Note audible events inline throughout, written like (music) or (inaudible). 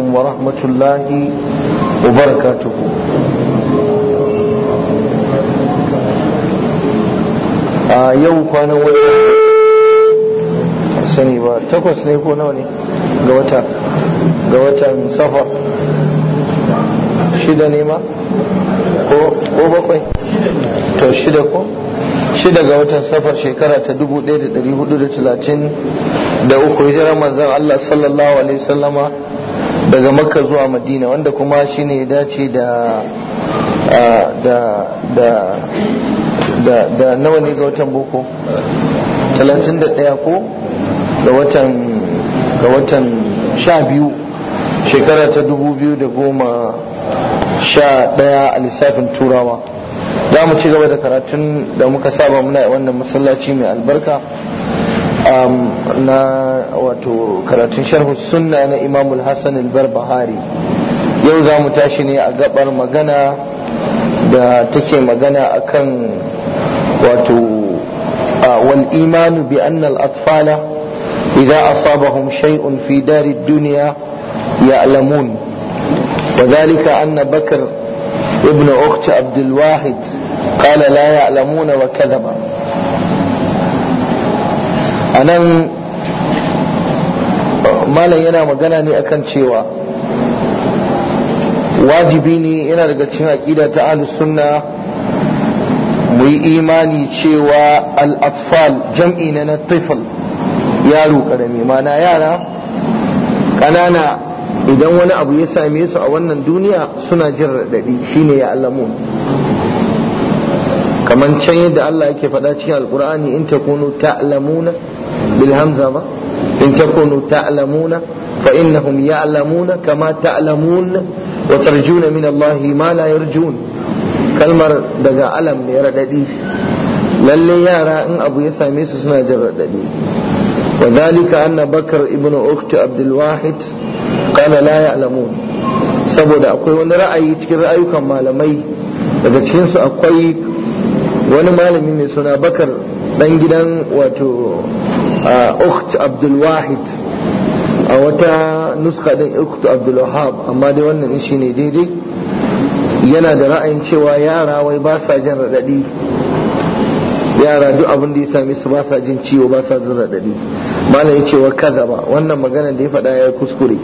wa rahmatullahi wa وبركاته a yau kwanan wata sani ba takwas ne ko nawa ne ga wata ga watan safar shida ne ma ko bakwai to shida ko shida ga watan safar shekara ta dubu daya da da da dari hudu talatin 1433 hijirar manzon Allah sallallahu alaihi wasallama daga makka zuwa madina wanda kuma shi ne dace da da da nawa ne ga watan boko 31 ko ga watan ga watan 12 shekara ta 2011 a lissafin turawa za mu ci gaba da karatun da muka saba muna wannan masallaci mai albarka na wato karatun sharhu sunna na imamul hassan al-barbahari yau za mu tashi ne a gabar magana da take magana akan wato wal imanu bi annal atfala idza asabahum shay'un fi dari dunya ya'lamun wa dhalika anna bakar ibn ukhti abdul wahid qala na ya'lamuna anan malam yana magana ne akan cewa wajibi ne yana daga cikin aƙida ta ahlus sunna mu yi imani cewa al-atfal jam'i na na tifl yaro karami mana yara ƙanana idan wani abu ya same su a wannan duniya suna jin raɗaɗi shine ya alamu. kamar can yadda Allah yake faɗa cikin alkur'ani in takunu ta'lamuna بالهمزة ما إن تكونوا تعلمون فإنهم يعلمون كما تعلمون وترجون من الله ما لا يرجون kalmar daga alam ne raɗaɗi lalle yara in abu ya same su suna jin raɗaɗi wa dalika anna bakar ibn ukti abdul wahid kana la ya'lamun saboda akwai wani ra'ayi cikin ra'ayukan malamai daga cikin su akwai wani malami mai suna bakar dan gidan wato اخت abdul wahid a wata نسخه din اخت abdul wahab amma dai wannan shi ne daidai yana da ra'ayin cewa yara wai ba sa jin radadi yara duk abin da ya same su ba sa jin ciwo ba sa jin radadi malam ya ce wa kazaba wannan magana da ya faɗa ya kuskure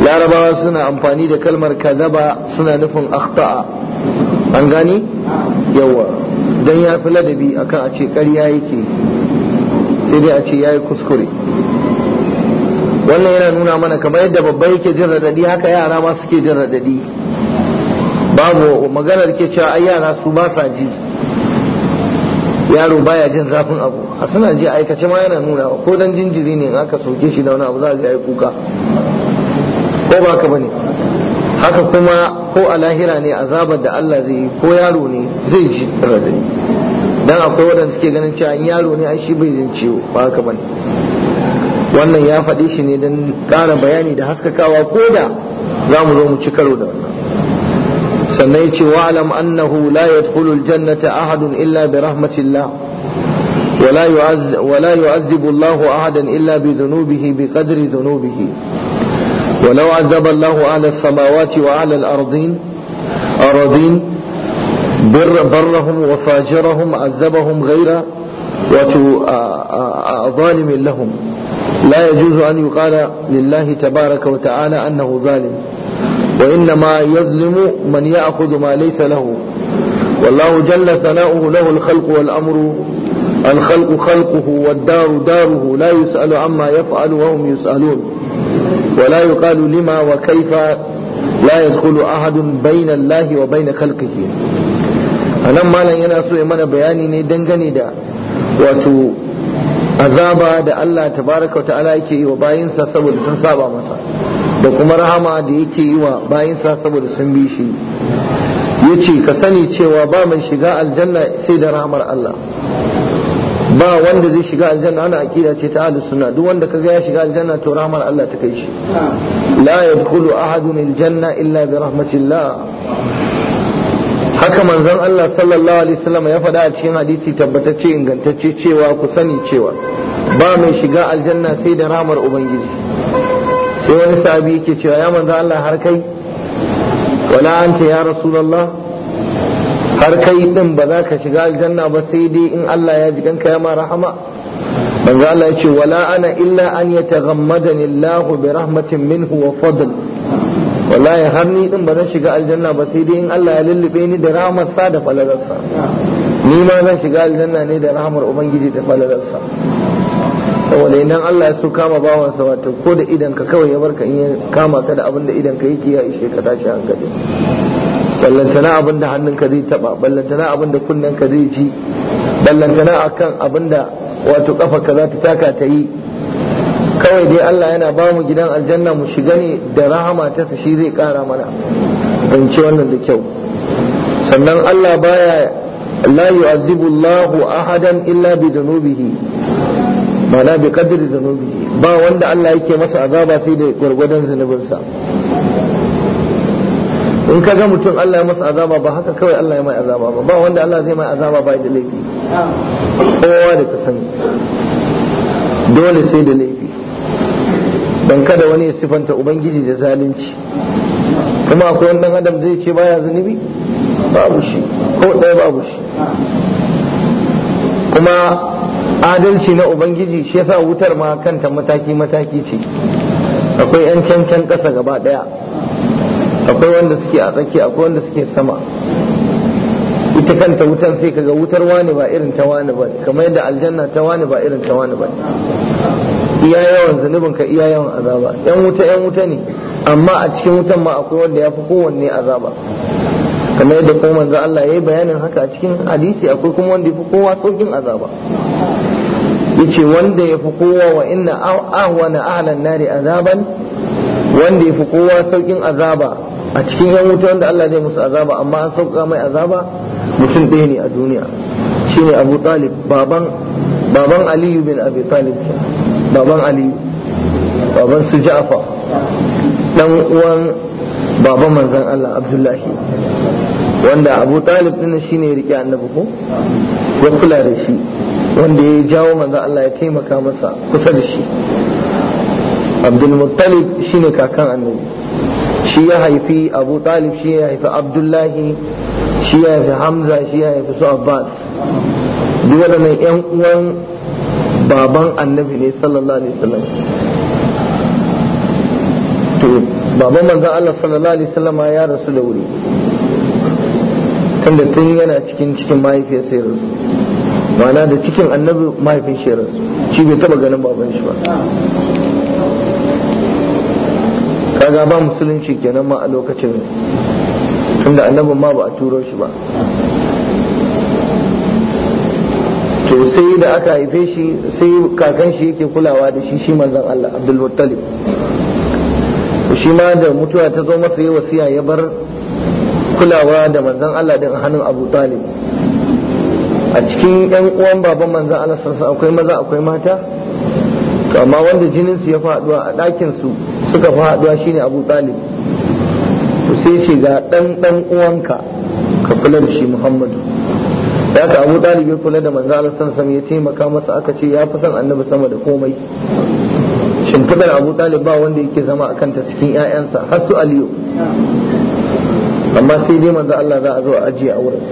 larabawa suna amfani da kalmar kazaba suna nufin akhta'a an gani yawa dan ya fi ladabi akan a ce ƙarya yake sai dai a ce yayi kuskure wannan yana nuna mana kamar yadda babba yake jin radadi haka yara ma suke jin radadi babu maganar ke cewa ai yara su ba sa ji yaro baya jin zafin abu a suna ji aikace ma yana nuna ko dan jinjiri ne in aka soke shi da wani abu za a ga ai kuka ko ba ka bane haka kuma ko a lahira ne azabar da Allah zai yi ko yaro ne zai ji radadi dan akwai waɗanda suke ganin cewa in yaro ne ai shi bai jin ciwo ba haka bane wannan ya faɗi shi ne don ƙara bayani da haskakawa ko da za mu zo mu ci karo da wannan sannan ya ce wa'alam annahu la yadkhulu aljannata ahadun illa bi rahmatillah bi يعذب ولا يعذب الله احدا الا بذنوبه بقدر ذنوبه ولو عذب الله اهل السماوات واهل بر برهم وفاجرهم عذبهم غير ظالم لهم لا يجوز أن يقال لله تبارك وتعالى أنه ظالم وإنما يظلم من يأخذ ما ليس له والله جل ثناؤه له الخلق والأمر الخلق خلقه والدار داره لا يسأل عما يفعل وهم يسألون ولا يقال لما وكيف لا يدخل أحد بين الله وبين خلقه a nan malam yana so ya mana bayani ne dangane da wato azaba da Allah tabaraka ta'ala yake yi wa bayinsa saboda sun saba masa da kuma rahama da yake yi wa bayinsa saboda sun bi shi ya ce ka sani cewa ba mai shiga aljanna sai da rahamar Allah ba wanda zai shiga aljanna ana akida ce ta ahlus sunna duk wanda kaga ya shiga aljanna to rahmar Allah ta kai shi la yadkhulu ahadun aljanna illa bi rahmatillah haka manzon Allah sallallahu alaihi wasallam ya faɗa a cikin hadisi tabbatacce ingantacce cewa ku sani cewa ba mai shiga aljanna sai da ramar ubangiji sai wani sahabi yake cewa ya manzon Allah har kai wala anta ya rasulullah har kai din ba za ka shiga aljanna ba sai dai in Allah ya ji ganka ya ma rahama manzon Allah ya ce wala ana illa an yataghammadani Allah bi rahmatin minhu wa fadl wallahi har ni din ba zan shiga aljanna ba sai dai in Allah ya lullube ni da sa da falalarsa ni ma zan shiga aljanna ne da rahmar ubangiji da falalarsa saboda idan Allah ya so kama bawansa wato ko da idan ka kawai ya barka in ya kama ka da abin da idan ka yake ya ishe ka tashi hankali ballantana abin da hannunka zai taba ballantana abin da kunnen ka zai ci ballantana akan abin da wato kafa ka za ta taka ta yi kawai dai Allah yana ba mu gidan aljanna mu shiga ne da rahama ta shi zai kara mana ce wannan da kyau sannan Allah baya la yu'azzibu Allah ahadan illa bi dhunubihi mana bi qadri dhunubihi ba wanda Allah yake masa azaba sai da gwargwadon sa in ka ga mutum Allah ya masa azaba ba haka kawai Allah ya mai azaba ba ba wanda Allah zai mai azaba ba da laifi kowa da ka sani dole sai da laifi don kada wani ya sifanta ubangiji da zalunci kuma akwai wani dan adam zai ce baya zunubi babu shi ko ɗaya babu shi kuma adalci na ubangiji shi yasa wutar ma kanta mataki mataki ce akwai yan cancan ƙasa gaba ɗaya akwai wanda suke a tsaki akwai wanda suke sama ita kanta wutar sai kaga wutar wani ba irin ta wani ba kamar yadda aljanna ta wani ba irin ta wani ba iya yawan zunubin ka iya yawan azaba yan wuta yan wuta ne amma a cikin wutan ma akwai wanda ya fi kowanne azaba kamar yadda kuma manzo Allah ya yi bayanin haka a cikin hadisi akwai kuma wanda ya fi kowa saukin azaba yace wanda ya fi kowa wa inna ahwana ahlan nari azaban wanda ya fi kowa saukin azaba a cikin yan wuta wanda Allah zai musu azaba amma an sauka mai azaba mutum ɗaya ne a duniya shine Abu Talib baban baban Aliyu bin Abi Talib baban ali baban su ja'afa dan uwan baban manzan Allah Abdullahi wanda Abu Talib shi shine riƙe annabi ko ya kula da shi wanda ya jawo manzan Allah ya taimaka masa kusa da shi Abdul Muttalib shine kakan annabi shi ya haifi Abu Talib shi ya haifi Abdullahi shi ya haifi Hamza shi ya haifi su Abbas duk waɗannan 'yan uwan baban annabi ne sallallahu alaihi wasallam to baban manzon Allah sallallahu alaihi wasallam ya rasu da wuri tunda tun yana cikin cikin mahaifiyarsa ya rasu ma'ana da cikin annabi mahaifin shi ya rasu shi bai taba ganin baban shi ba kaga ba musulunci kenan ma a lokacin tunda annabin ma ba a turo shi ba to sai da aka haife shi sai kakan shi yake kulawa da shi shi manzon Allah Abdul Muttalib shi ma da mutuwa ta zo masa yi wasiya ya bar kulawa da manzon Allah din hannun Abu Talib a cikin yan uwan baban manzon Allah sarsa akwai maza akwai mata to amma wanda jinin su ya faduwa a ɗakin su suka faduwa shine Abu Talib to sai ce ga dan dan uwanka ka kula da shi Muhammadu da ka abu ɗalibi kula da manzo san sam ya taimaka masa aka ce ya fi san annabi sama da komai shimfidar abu ɗalib ba wanda yake zama a kanta cikin 'ya'yansa har su aliyu amma sai dai manzo Allah za a zo a ajiye a wurin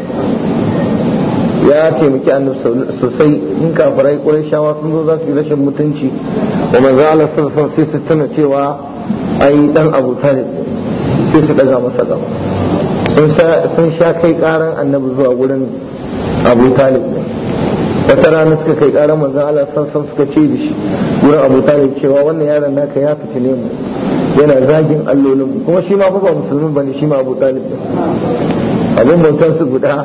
ya taimaki annabi sosai in kafirai shawa sun zo za su yi rashin mutunci wa manzo Allah sai su tana cewa ai dan Abu Talib sai su daga masa gaba sun sha kai karan annabi zuwa wurin. abu talib wata rana suka kai ƙarar manzan Allah sassan suka ce da shi wurin abu talib cewa wannan yaron naka ya ne mu yana zagin allolin kuma shi ma ba musulmin bane shi ma abu talib abin bautar su guda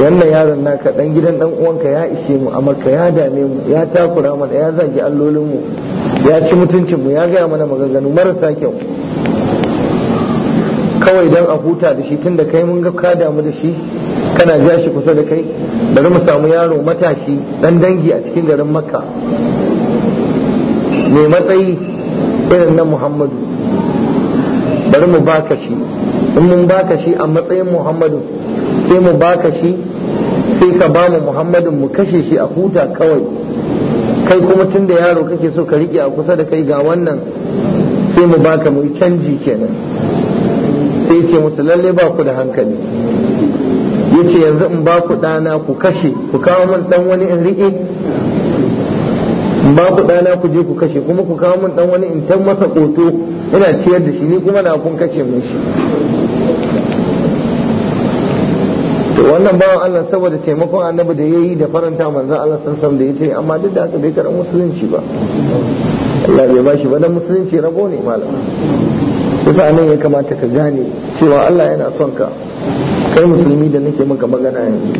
wannan yaron naka dan gidan dan uwanka ya ishe mu amma ka ya dame mu ya takura mana ya zagi allolin mu ya ci mutuncin mu ya gaya mana maganganu marasa kyau kawai dan a huta da shi tunda kai mun ga ka damu da shi kana ja shi kusa da kai bari mu samu yaro matashi dan dangi a cikin garin makka mai matsayi irin na muhammadu bari mu baka shi in mun baka shi a matsayin muhammadu sai mu baka shi sai ka ba mu muhammadin mu kashe shi a huta kawai kai kuma tun da yaro kake so ka rike a kusa da kai ga wannan sai mu baka mu canji kenan sai ce musu lalle ba ku da hankali yace yanzu in ba ku ɗana ku kashe ku kawo min ɗan wani in riƙe in ba ku ɗana ku je ku kashe kuma ku kawo min ɗan wani in tan masa koto ina ciyar da shi ni kuma na kun kashe mun shi to wannan bawan Allah saboda taimakon annabi da yayi da faranta manzon Allah san san da yace amma duk da haka bai karan musulunci ba Allah bai bashi ba dan musulunci rabo ne malam kusa nan ya kamata ka gane cewa Allah yana son ka kai musulmi da nake maka magana yanzu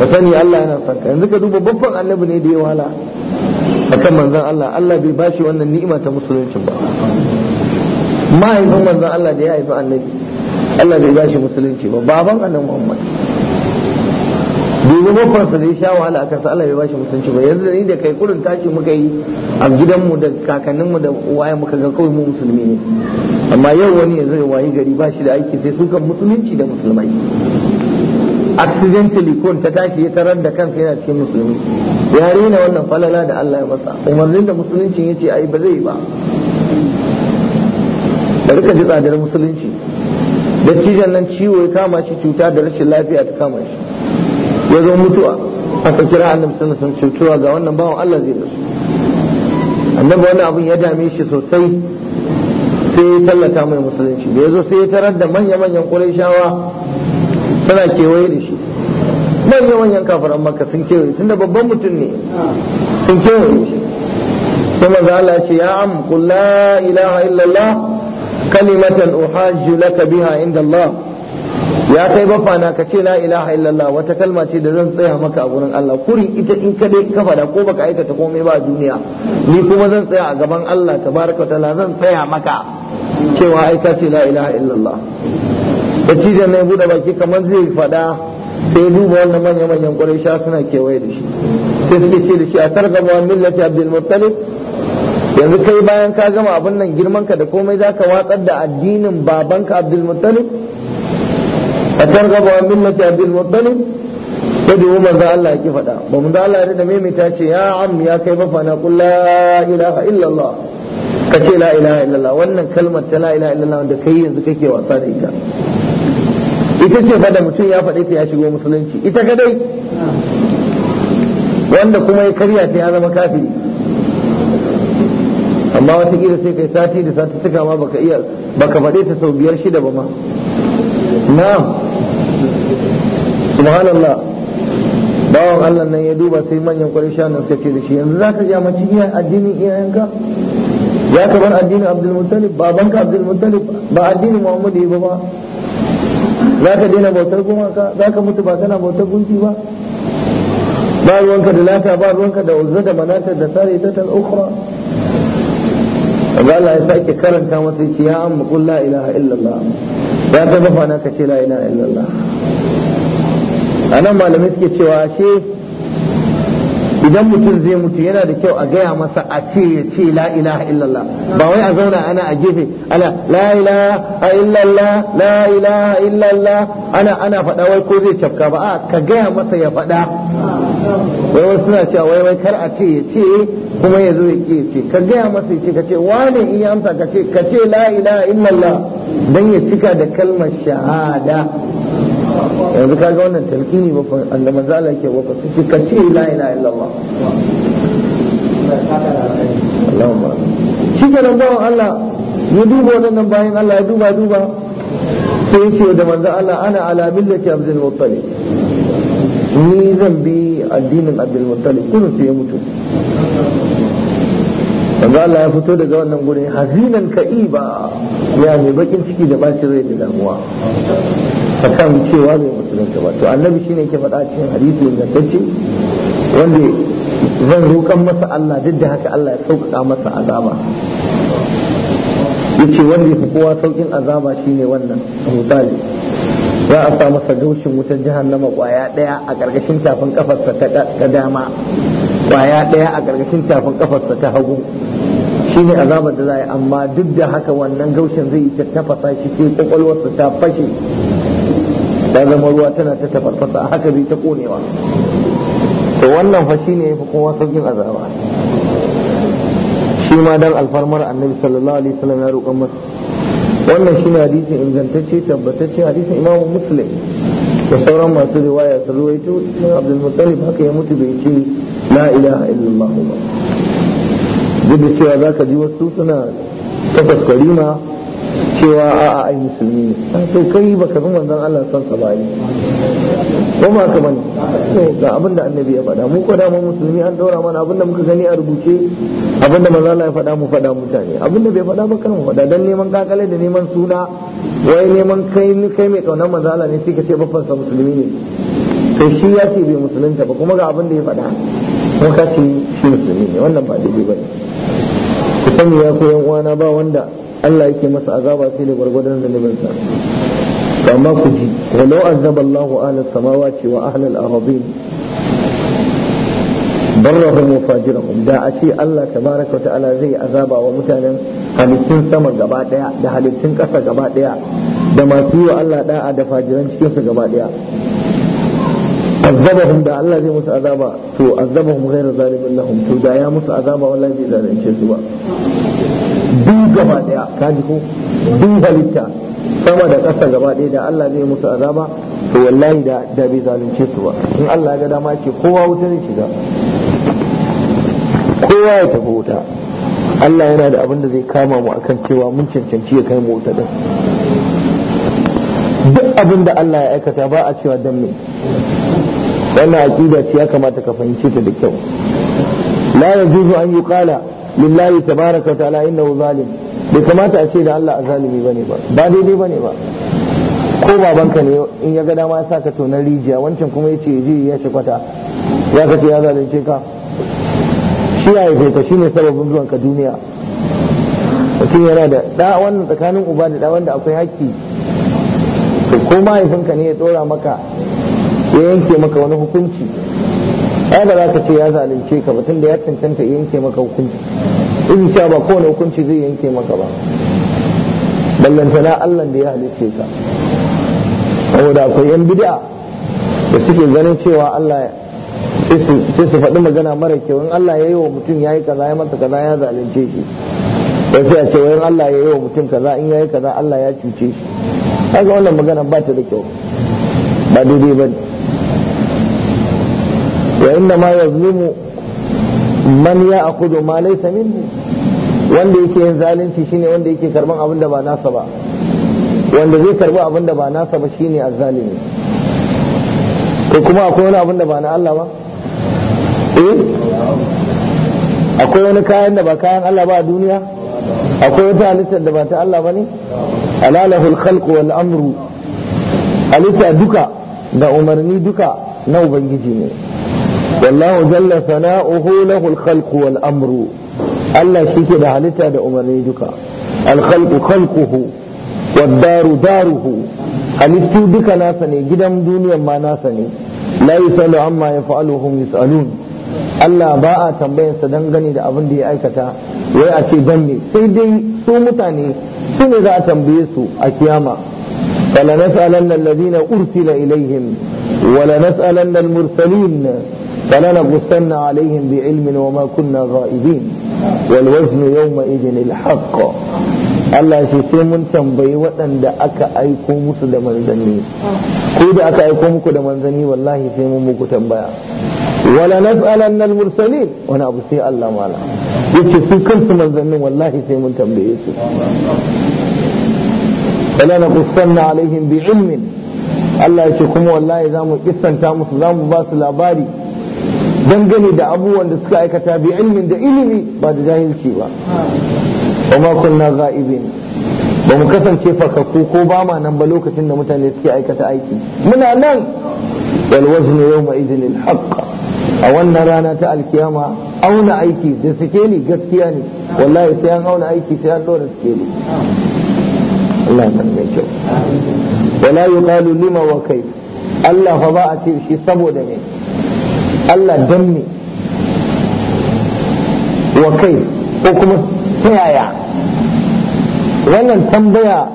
ka sani Allah yana son ka yanzu ka duba babban annabi ne da ya wahala akan manzon Allah Allah bai bashi wannan ni'ima ta musulunci ba mahaifin manzon Allah da ya haifi annabi Allah bai bashi musulunci ba baban annabi Muhammad domin mafarsa da sha wahala a kansa Allah ya bashi mutunci ba yanzu ni da kai kurin tashi muka yi a gidanmu da kakanninmu da waye muka ga kawai mu musulmi ne amma yau wani yanzu ya wayi gari ba shi da aiki sai su kan musulunci da musulmai accidentally kun ta tashi ya tarar da kansa yana cikin musulmi ya rena wannan falala da Allah ya masa umarnin da musulunci ya ce ai ba zai ba Da ka ji tsadar musulunci dattijan nan ciwo ya kama shi cuta da rashin lafiya ta kama shi ya zo mutuwa aka kira annabi sallallahu alaihi wasallam ga wannan bawan Allah zai rasu annabi wannan abin ya dame shi sosai sai ya tallata mai musulunci da ya sai ya tarar da manya-manyan ƙurayshawa suna kewaye da shi manya-manyan kafiran maka sun kewaye tunda babban mutum ne sun kewaye shi kuma maza Allah ya ce ya am qul la ilaha illallah kalimatan uhajju laka biha inda Allah ya kai na ka ce la ilaha illallah wata kalma ce da zan tsaya maka a gurin Allah kuri ita in ka dai ka fada ko baka aikata komai ba a duniya ni kuma zan tsaya a gaban Allah tabaraka ta'ala zan tsaya maka cewa ai ka ce la ilaha illallah da cizon da mai bude baki kamar zai fada sai duba wannan manyan manyan quraisha suna kewaye da shi sai suke ce da shi a targama millati abdul muttalib yanzu kai bayan ka gama abin nan girman ka da komai zaka watsar da addinin babanka abdul muttalib a targaba wa millati abdul ko sai mu za Allah yake faɗa ba mu manzo Allah ya da maimaita ce ya am ya kai bafa na qul la ilaha illallah ka ce la ilaha illallah wannan kalmar ta la ilaha illallah wanda kai yanzu kake wasa da ita ita ce fada mutum ya faɗe ta ya shigo musulunci ita kadai wanda kuma ya karya ta ya zama kafiri amma watakila sai kai sati da sati suka ma baka iya baka faɗe ta sau biyar shida ba ma na. subhanallah bawan Allah nan ya duba sai manyan shanu suka ce da shi yanzu za ka jamaci iya addinin iyayenka ya ka bar addinin abdulmuttalib banka abdulmuttalib ba addinin muhammadu ba ba za ka daina bautar gumaka za ka mutu ba tana bautar gunki ba ba ruwanka da lata ba ruwanka da uzza da manatar da sare ta tal kaga Allah ya sake karanta masa yace ya amma qul la ilaha illallah ya ta bafa na kace la ilaha illallah anan malamai suke cewa shi idan mutum zai mutu yana da kyau a gaya masa a ce ya ce la ilaha illallah ba wai a zauna ana a gefe ana la ilaha illallah la ilaha illallah ana ana faɗa wai ko zai cafka ba a ka gaya masa ya faɗa wai wasu suna cewa wai wai kar a ce ya ce kuma ya zo ya ke ce ka gaya masa ya ce ka ce wane in ya amsa ka ce ka ce la ilaha illallah dan ya cika da kalmar shahada yanzu kaga wannan talqini ba Allah manzo Allah yake wa fasiki kace la ilaha illallah Allahumma shi kenan bawan Allah ya duba waɗannan bayan Allah ya duba duba sai yake da manzo Allah ana ala millati Abdul Muttalib ni zan bi addinin Abdul Muttalib kullum sai ya mutu manzo Allah ya fito daga wannan gurin hazinan ka'iba ya mai bakin ciki da bacin rai da damuwa kan cewa bai musulunta ba to annabi shine ke faɗa cikin hadisi ce wanda zan roƙan masa Allah duk da haka Allah ya sauƙaƙa masa azaba ce wanda fi kowa sauƙin azaba shine wannan misali za a sa masa gaushin wutar jihar na ƙwaya ɗaya a ƙarƙashin tafin ƙafarsa ta dama kwaya ɗaya a ƙarƙashin tafin ƙafarsa ta hagu shi ne azabar da za a yi amma duk da haka wannan gaushin zai yi tattafasa shi sai ƙwaƙwalwarsa ta fashe ta zama ruwa tana ta tafarfasa a haka zai ta ƙonewa to wannan fa shi ne ya fi kowa saukin azaba shi ma dan alfarmar annabi sallallahu alaihi wasallam ya roƙon masa wannan shi ne hadisin ingantacce tabbatacce hadisin imamu muslim da sauran masu riwaya sun ruwaito ibn abdul muttalib haka ya mutu bai ce la ilaha illallah ba duk da cewa za ka ji wasu suna tabbas karima cewa a'a ai musulmi ne to kai baka san manzon Allah san sa bai ko ba ka bane to ga abinda da annabi ya faɗa mu ko da mu musulmi an daura mana abinda muka gani a rubuce Abinda da manzon Allah ya faɗa mu faɗa mutane Abinda bai faɗa ba kan faɗa dan neman kakale da neman suna wai neman kai ni kai mai kaunar manzon Allah ne sai ka ce babban sa musulmi ne to shi ya ce bai musulunta ba kuma ga abinda ya faɗa wanka shi musulmi ne wannan ba daidai ba ne ku sani ya ku yan uwana ba wanda Allah yake masa azaba sai da gwargwadon sa amma ku ji walau azaba Allahu ahlus samawati wa ahlul arabin barrahum wa da a ce Allah tabaraka wa ta'ala zai azaba wa mutanen halittun sama gaba daya da halittun kasa gaba daya da masu yi wa Allah da'a da fajiran cikin su gaba daya azabahum da Allah zai musu azaba to azabahum ghayra zalimin lahum to da ya musu azaba wallahi zai zalunce su ba duk gaba daya kaji ko duk halitta sama da ƙasa gaba daya da Allah zai musu azaba to wallahi da da bai zalunce su ba in Allah ya ga dama ce kowa wuta zai shiga kowa ya tafi wuta Allah yana da abin da zai kama mu akan cewa mun cancanci ya kai mu wuta din duk abin da Allah ya aikata ba a cewa dan ne. wannan aqida ce ya kamata ka fahimci ta da kyau la yajuzu an yuqala lillahi tabaraka ta'ala innahu zalim bai kamata a ce da Allah azalimi bane ba ba daidai bane ba ko babanka ne in ya ga dama ya saka tonar rijiya wancan kuma yace je ya shakwata ya kace ya zalunce ka shi ya haife ka shine sababin zuwan ka duniya mutum yana da da wannan tsakanin uba da da wanda akwai haƙƙi ko mahaifinka ne ya dora maka ya yanke maka wani hukunci ai ba za ka ce ya zalunce ka ba tunda ya cancanta ya yanke maka hukunci in sha ba kowane hukunci zai yanke maka ba ballantana Allah da ya halicce ka saboda akwai yan bid'a da suke ganin cewa Allah sai su faɗi magana mara kyau in Allah ya yi wa mutum ya yi kaza ya manta kaza ya zalunce shi ya sai a ce in Allah ya yi wa mutum kaza in ya yi kaza Allah ya cuce shi kaga wannan magana ba ta da kyau ba daidai ba ne وإنما يظلم man ya akudu ma laysa minhu wanda yake yin zalunci shine wanda yake karban abin da ba nasa ba wanda zai karbi abin da ba nasa ba shine azzalimi ko kuma akwai wani abin da ba na Allah ba eh akwai wani kayan da ba kayan Allah ba a duniya akwai wata halittar da ba ta Allah ba ne alalahul khalq wal amru halitta duka da umarni duka na ubangiji ne wallahu jalla sana'uhu lahu al wal amru Allah ke da halitta da umarni duka alkalku khalqu khalquhu halittu duka nasa ne gidan duniyar ma nasa ne la yusalu amma yaf'aluhum yusalun Allah ba a tambayarsa dangane da abin da ya aikata wai a ce dan ne sai dai su mutane su ne za a tambaye su a kiyama فلنسألن الذين أرسل إليهم ولنسألن المرسلين فلا نغثن عليهم بعلم وما كنا غائبين والوزن يومئذ الحق Allah ce sai mun tambayi waɗanda aka aiko musu da manzanni ko da aka aiko muku da manzanni wallahi sai mun muku tambaya wala nas'alanna al-mursalin wani abu sai Allah mala yace su kansu manzannin wallahi sai mun tambaye su wala naqussanna alaihim bi ilmin Allah yace kuma wallahi zamu kissanta musu zamu ba su labari dangane da abubuwan da suka aikata bi ilmin da ilimi ba da jahilci ba ba ma kunna ghaibin ba mu kasance fakakku ko ba ma nan ba lokacin da mutane suke aikata aiki muna nan wal waznu yawma idhin al a wannan rana ta alkiyama auna aiki da suke ni gaskiya ne wallahi sai an auna aiki sai an dora suke ni Allah ya mai kyau wala yuqalu lima wa kai Allah fa ba a ce shi saboda ne Allah dan wa kai ko kuma ta yaya wannan tambaya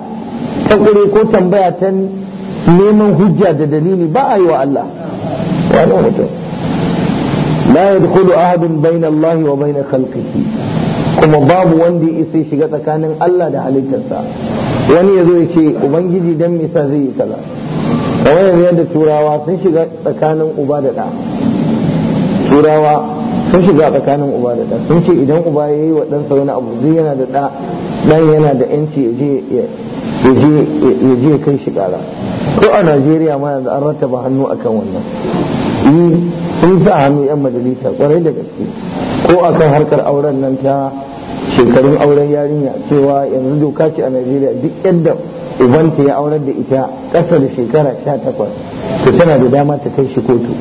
ta kure ko tambaya ta neman hujja da dalili ba a yi wa Allah wani mutum la yadkhulu ahadun bayna Allah wa bayna khalqihi kuma babu wanda ya isa shiga tsakanin Allah da halittarsa wani ya zo ya ce ubangiji dan me zai yi kaza kamar yadda turawa sun shiga tsakanin uba da ɗa turawa sun shiga tsakanin uba da ɗa sun ce idan uba ya yi wa ɗansa wani abu zai yana da ɗa ɗan yana da yanci ya je ya kai shi ƙara ko a najeriya ma yanzu an rattaba hannu akan wannan yi sun sa hannu yan majalisa kwarai da gaske ko akan harkar auren nan ta shekarun auren yarinya cewa yanzu doka ce a najeriya duk yadda ubanta ya aurar da ita ƙasa da shekara sha takwas to tana da dama ta kai shi kotu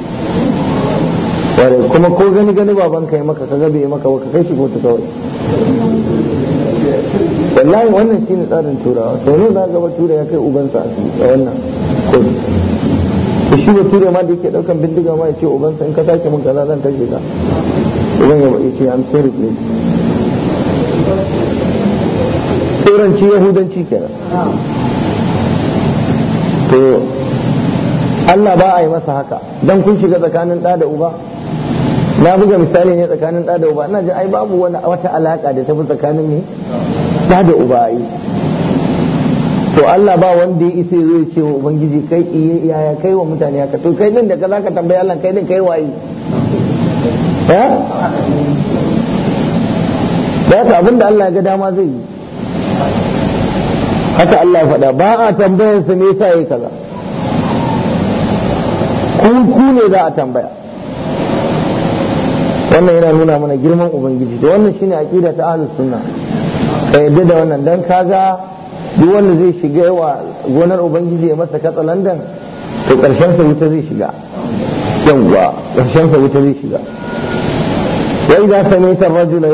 ware kuma ko gani gani baban ka yi maka ka bai maka ba ka kai shi kotu kawai wallahi wannan shi ne tsarin turawa sau ne za ga bature ya kai ubansa a wannan kotu to shi bature ma da yake daukan bindiga ma ya ce ubansa in ka sake mun kaza zan take ka uban ya ce an sorry please turanci yahudanci kenan to Allah ba a yi masa haka don kun shiga tsakanin ɗa da uba na buga misali ne tsakanin ɗa da uba ina ji ai babu wani wata alaka da tafi tsakanin ne ɗa da uba yi to Allah ba wanda ya isa zai ce wa ubangiji kai iyaya kai wa mutane haka to kai din da ka zaka tambayi Allah kai din kai waye ha da abin da Allah ya ga dama zai yi haka Allah ya faɗa ba a tambayarsa me yasa yayi kaza ku ku ne za a tambaya wannan yana nuna mana girman ubangiji da wannan shine aqida ta ahlus sunna ka yadda da wannan dan kaza duk wanda zai shiga wa gonar ubangiji ya masa katsalandan to karshen sa wuta zai shiga yawa karshen sa wuta zai shiga wa idza samita rajula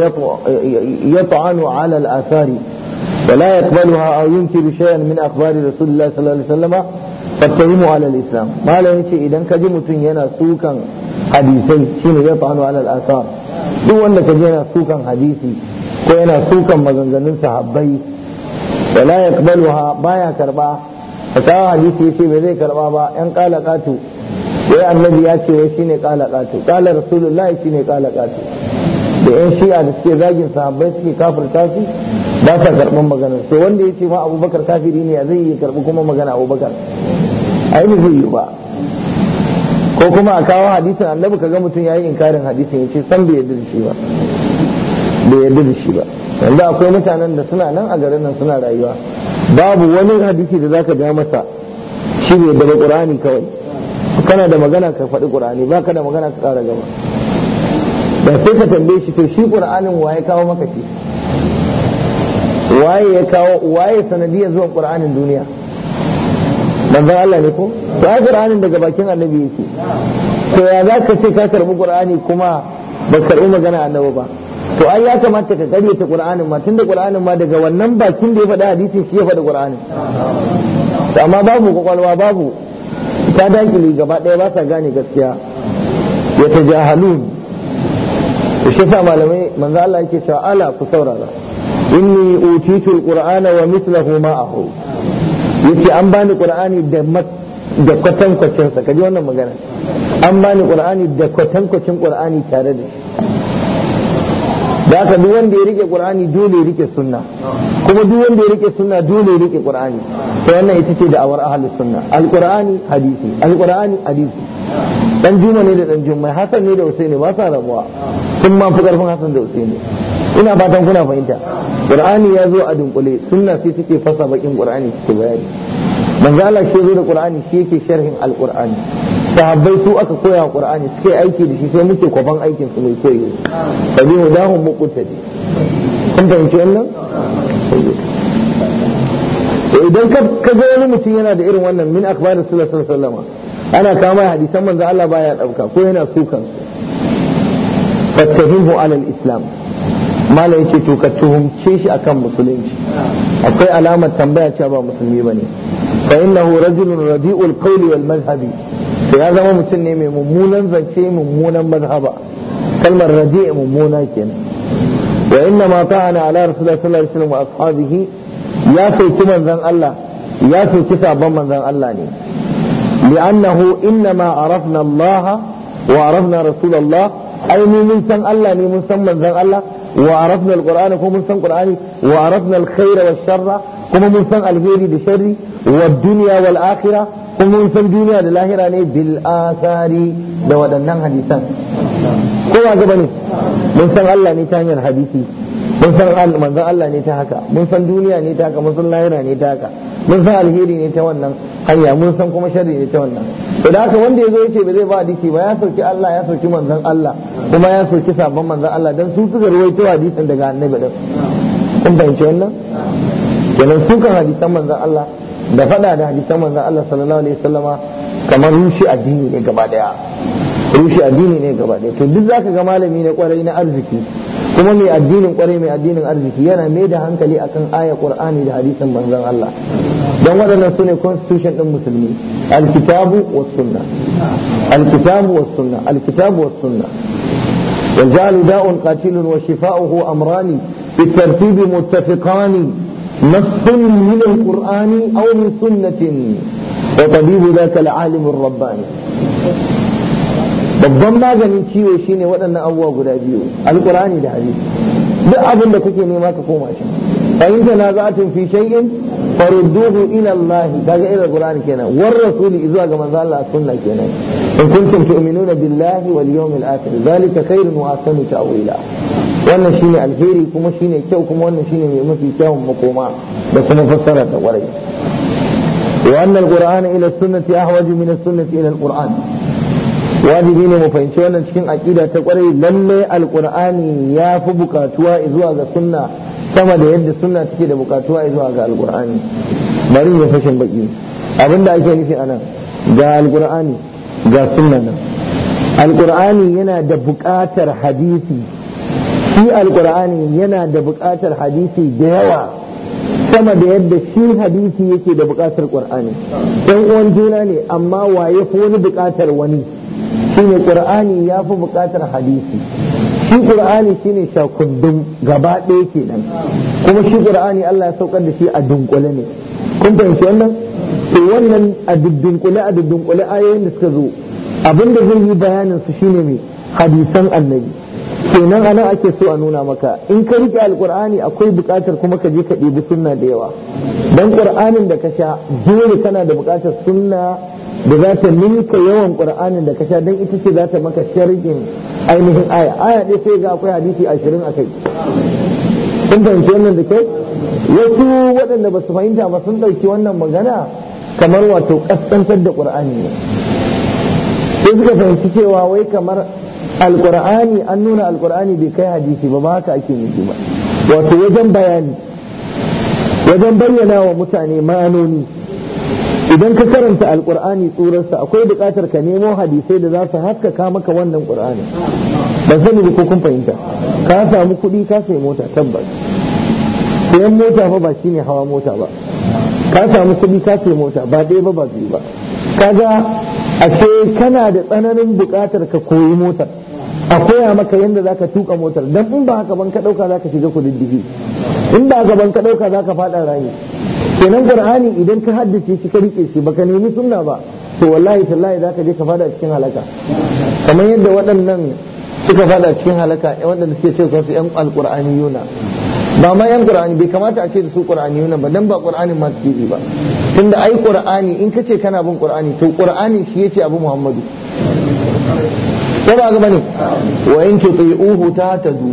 yat'anu 'ala al-athari wa la yaqbaluha aw yunkiru shay'an min akhbari rasulillahi sallallahu alaihi wasallam fattahimu 'ala al-islam malai yace idan kaji mutun yana tsukan hadisai shine zai fa'anu alal asar duk wanda kaje yana sukan hadisi ko yana sukan maganganun sahabbai wala yaqbaluha baya karba fasaha hadisi yace ba zai karba ba yan qala qatu sai annabi ya ce wai shine qala qatu qala rasulullahi shine kala qatu da yan shi'a da suke zagin sahabbai suke kafin tafi ba sa karban magana to wanda ce ma abubakar kafiri ne ya zai karbi kuma magana abubakar a yi zai yi ba ko kuma a kawo hadisin annabi kaga mutum yayi inkarin hadisin yace san bai yarda ba bai yarda da ba yanzu akwai mutanen da suna nan a garin nan suna rayuwa babu wani hadisi da zaka ga masa shi bai yarda ba qur'ani kawai kana da magana ka faɗi qur'ani ba ka da magana ka ƙara gaba da sai ka tambaye shi to shi qur'anin waye kawo maka shi waye ya kawo waye sanadiyar zuwan qur'anin duniya manzon Allah ne ko to ai Qur'ani daga bakin annabi yake to ya za ka ce ka karbi qur'ani kuma ba karbi magana annabi ba to ai ya kamata ka karyata qur'anin ma tunda qur'anin ma daga wannan bakin da ya faɗa hadisin shi ya faɗa qur'anin amma babu kwakwalwa babu ta dakile gaba ɗaya ba sa gane gaskiya ya ta tajahalun shi sa malamai manzo Allah yake cewa ala ku saurara inni utitul qur'ana wa mithluhu ma'ahu yace an bani qur'ani da da kwacin sa kaji wannan magana an bani qur'ani da kwacin qur'ani tare da shi da aka duk wanda ya rike qur'ani dole ya rike sunna kuma duk wanda ya rike sunna dole ya rike qur'ani to wannan ita ce awar ahli sunna alqur'ani hadisi alqur'ani hadisi dan juma ne da dan juma hasan ne da husaini ba sa rabuwa sun ma fi karfin hasan da husaini ina fatan kuna fahimta qur'ani ya zo a dunkule sunna sai suke fasa bakin qur'ani suke bayani manzo Allah shi zo da qur'ani shi yake sharhin alqur'ani sahabbai su aka koya qur'ani suke aiki da shi sai muke kwaban aikin su mai koyi sabi hudahum muqtadi kun fahimci wannan idan ka ga wani mutum yana da irin wannan min akbarin sallallahu alaihi wasallam ana kama hadisan manzo Allah baya dauka ko yana sukan fattahimu alal islam mala yace to ka tuhumce shi akan musulunci akwai alamar tambaya cewa ba musulmi bane fa innahu rajulun radi'ul qawli wal madhhabi to ya zama mutum ne mai mummunan zance mummunan mazhaba kalmar radi' mummuna kenan wa inna ma ta'ana ala rasulullahi sallallahu alaihi wasallam wa ashabihi ya soki manzon Allah ya soki sabon manzon Allah ne li'annahu inna ma arafna Allah wa arafna rasulullah ai mun san Allah ne mun san Allah وعرفنا القرآن كم من القرآن وعرفنا الخير والشر كم من الخير بالشر والدنيا والآخرة كم من الدنيا للآخرة بالآثار دودنا حديثا كم عجبني من سن الله نتاني الحديثي من سن الله نتاهك من سن دنيا نتاهك من سن الآخرة نتاهك mun san alheri ne ta wannan hanya mun san kuma sharri ne ta wannan idan haka wanda yazo yace ba zai ba hadisi ba ya sauki Allah ya sauki manzon Allah kuma ya sauki sabon manzon Allah dan su suka ruwaito hadisin daga annabi din kun bayyance wannan kenan su kan hadisan manzon Allah da fada da hadisan manzon Allah sallallahu alaihi wasallama kamar rushi addini ne gaba daya rushi addini ne gaba daya to duk zaka ga malami ne kwarai na arziki kuma mai addinin kwarai mai addinin arziki yana mai da hankali akan aya qur'ani da hadisin manzon Allah dan waɗannan sune constitution din musulmi alkitabu was sunna alkitabu was sunna alkitabu was sunna والجعل داء قاتل وشفاؤه أمران بالترتيب متفقان نص من القرآن أو من سنة وطبيب ذاك العالم الرباني babban maganin ciwo shine waɗannan abubuwa guda biyu alkurani da hadisi duk abin da kuke nema ka koma shi fahimta na za'atun fi shay'in farudduhu ila Allah kaga ila alqur'ani kenan war rasuli zuwa ga manzo Allah sunna kenan in kuntum tu'minuna billahi wal yawmil akhir zalika khairun wa ahsanu ta'wila wannan shine alheri kuma shine kyau kuma wannan shine mai mafi kyawun makoma da kuma fassara ta kwarai wa anna alqur'ana ila sunnati ahwaju min as-sunnati ila alqur'an wajibi ne mu fahimci wannan cikin aƙida ta kwarai lalle alqur'ani ya fi bukatuwa zuwa ga sunna sama da yadda sunna take da bukatuwa zuwa ga alqur'ani bari mu fashin baki abinda ake nufi a nan ga alqur'ani ga sunna nan alqur'ani yana da bukatar hadisi shi alqur'ani yana da bukatar hadisi da yawa sama da yadda shi hadisi yake da bukatar qur'ani ɗan uwan juna ne amma waye fi wani buƙatar wani shine qur'ani ya fi buƙatar hadisi shi qur'ani shine shakundun gaba ɗaya kenan kuma shi qur'ani Allah ya saukar da shi a dunkule ne kun fahimci wannan to wannan a dunkule a dunkule ayoyin da suka zo abinda zai yi bayanin su shine mai hadisan annabi kenan anan ake so a nuna maka in ka rike alqur'ani akwai buƙatar kuma ka je ka ɗebi sunna da yawa dan qur'anin da ka sha dole kana da buƙatar sunna da za ta ninka yawan qur'anin da ka sha dan ita ce za ta maka sharhin ainihin aya aya ɗaya sai ga akwai hadisi ashirin akai Sun fahimci wannan da kyau wasu waɗanda ba su fahimta ba sun ɗauki wannan magana kamar wato ƙasƙantar da ƙur'ani ne sai suka fahimci cewa wai kamar alƙur'ani an nuna alƙur'ani bai kai hadisi ba ba haka ake nufi ba wato wajen bayani wajen bayyana wa mutane ma'anoni idan ka karanta alkur'ani tsurarsa akwai buƙatar ka nemo hadisai da za su haskaka maka wannan qur'ani ban sani ba ko kun fahimta ka samu kuɗi ka sai mota tabbas sayan mota fa ba shine hawa mota ba ka samu kuɗi ka sai mota ba ɗaya ba ba biyu ba kaga ce kana da tsananin buƙatar ka koyi motar a koya maka yadda zaka tuka motar dan in ba haka ban ka dauka zaka shiga kudiddigi in ba haka ban ka dauka zaka fada rami kenan qur'ani idan ka haddace shi ka rike shi baka nemi sunna ba to wallahi tallahi zaka je ka fada cikin halaka kamar yadda waɗannan suka fada cikin halaka eh, waɗanda suke ce ɗan yan yuna ba ma yan qur'ani bai kamata a ce da su yuna ba dan ba qur'anin ma suke ba tunda ai qur'ani in kace kana bin qur'ani to qur'ani shi yace abu muhammadu ko ba ga bane wa in tuti'uhu tadu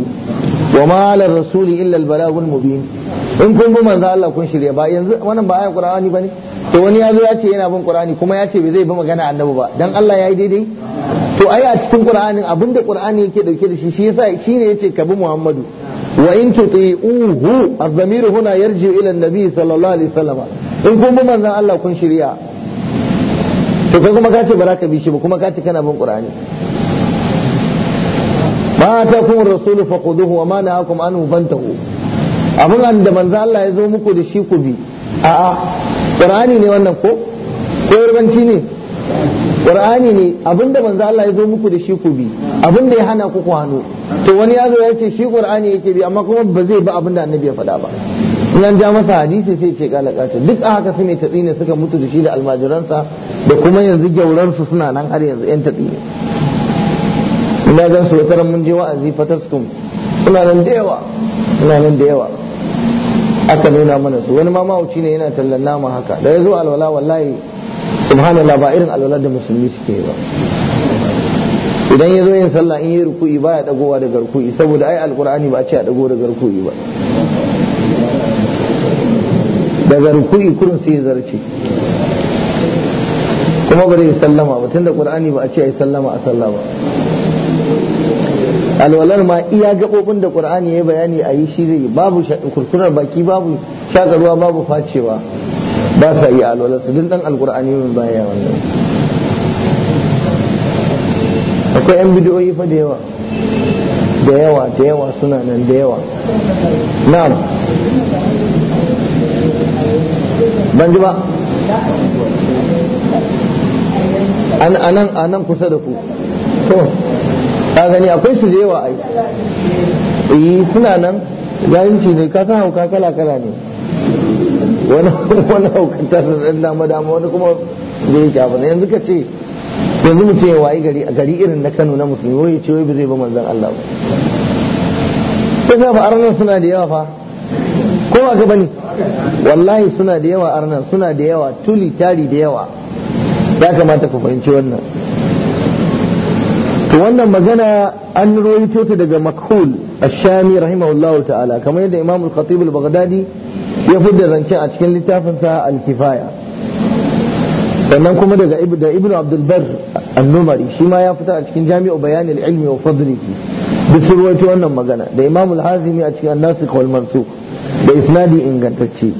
wa ma ala rasuli illa al balagul mubin in kun bi manzo Allah kun shirya ba yanzu wannan ba ayan Qur'ani bane to wani ya zo ya ce yana bin Qur'ani kuma ya ce bai zai bi magana annabi ba dan Allah yayi daidai to ai a cikin Qur'anin abinda Qur'ani yake dauke da shi shi yasa shine yace ka bi Muhammadu wa in tuti'uhu az-zamir huna yarji ila an-nabi sallallahu alaihi wasallam in kun bi manzo Allah kun shirya to kai kuma ka ce ba za ka bi shi ba kuma ka ce kana bin Qur'ani ma ta kun rasulu faquduhu wa ma na'akum anhu fantahu abin da manzo Allah ya zo muku da shi ku bi a'a qur'ani ne wannan ko ko yarbanci ne qur'ani ne abin da manzo Allah ya zo muku da shi ku bi abin da ya hana ku ku hano to wani ya zo ya ce shi qur'ani yake bi amma kuma ba zai bi abin da annabi ya faɗa ba in ja masa hadisi sai ce kala kata duk a haka sune tatsine suka mutu da shi da almajiransa da kuma yanzu gyauransu suna nan har yanzu yan tsine. ina gan su wataran mun je wa'azi fataskum suna nan da yawa suna nan da yawa aka nuna mana su wani mamawuci ne yana tallan nama haka da ya zo alwala wallahi subhanallah ba irin alwala da musulmi suke ba idan ya zo yin sallah in yi ruku'i ba ya dagowa daga garkui saboda ai alkur'ani ba a ce a dago daga garkui ba daga garkui kurun sai zarce kuma bari ya sallama ba tunda qur'ani ba a ce ai sallama a sallama ba alwalar ma iya gaɓoɓin da ƙur'ani ya bayani a yi shi zai babu kurkurar baki babu shakarwa babu facewa ba sa yi alwalar su dan alƙur'ani mai baya wannan akwai yan bidiyoyi fa da yawa da yawa da yawa suna nan da yawa na'am ban ji ba anan anan kusa da ku to ka gani akwai su da yawa ai eh suna nan jahilci ne ka san hauka kala kala ne wani wani ta da dan dama dama wani kuma zai yi abu yanzu ka ce yanzu mu ce wayi gari a gari irin na Kano na musulmi wai ce wai ba zai ba manzon Allah ba sai fa arnan suna da yawa fa ko ba gaba ne wallahi suna da yawa arnan suna da yawa tuli tari da yawa ya kamata ku fahimci wannan to wannan magana an ruwaito ta daga makhul ash-shami rahimahullahu ta'ala kamar yadda imam al-khatib al-baghdadi ya fidda zance a cikin littafin sa al-kifaya sannan kuma daga da ibnu abdul bar an-numari shi ma ya fita a cikin jami'u bayan al-ilmi wa fadlihi da su ruwaito wannan magana da imam al-hazimi a cikin an-nasikh wal mansukh da isnadi ingantacce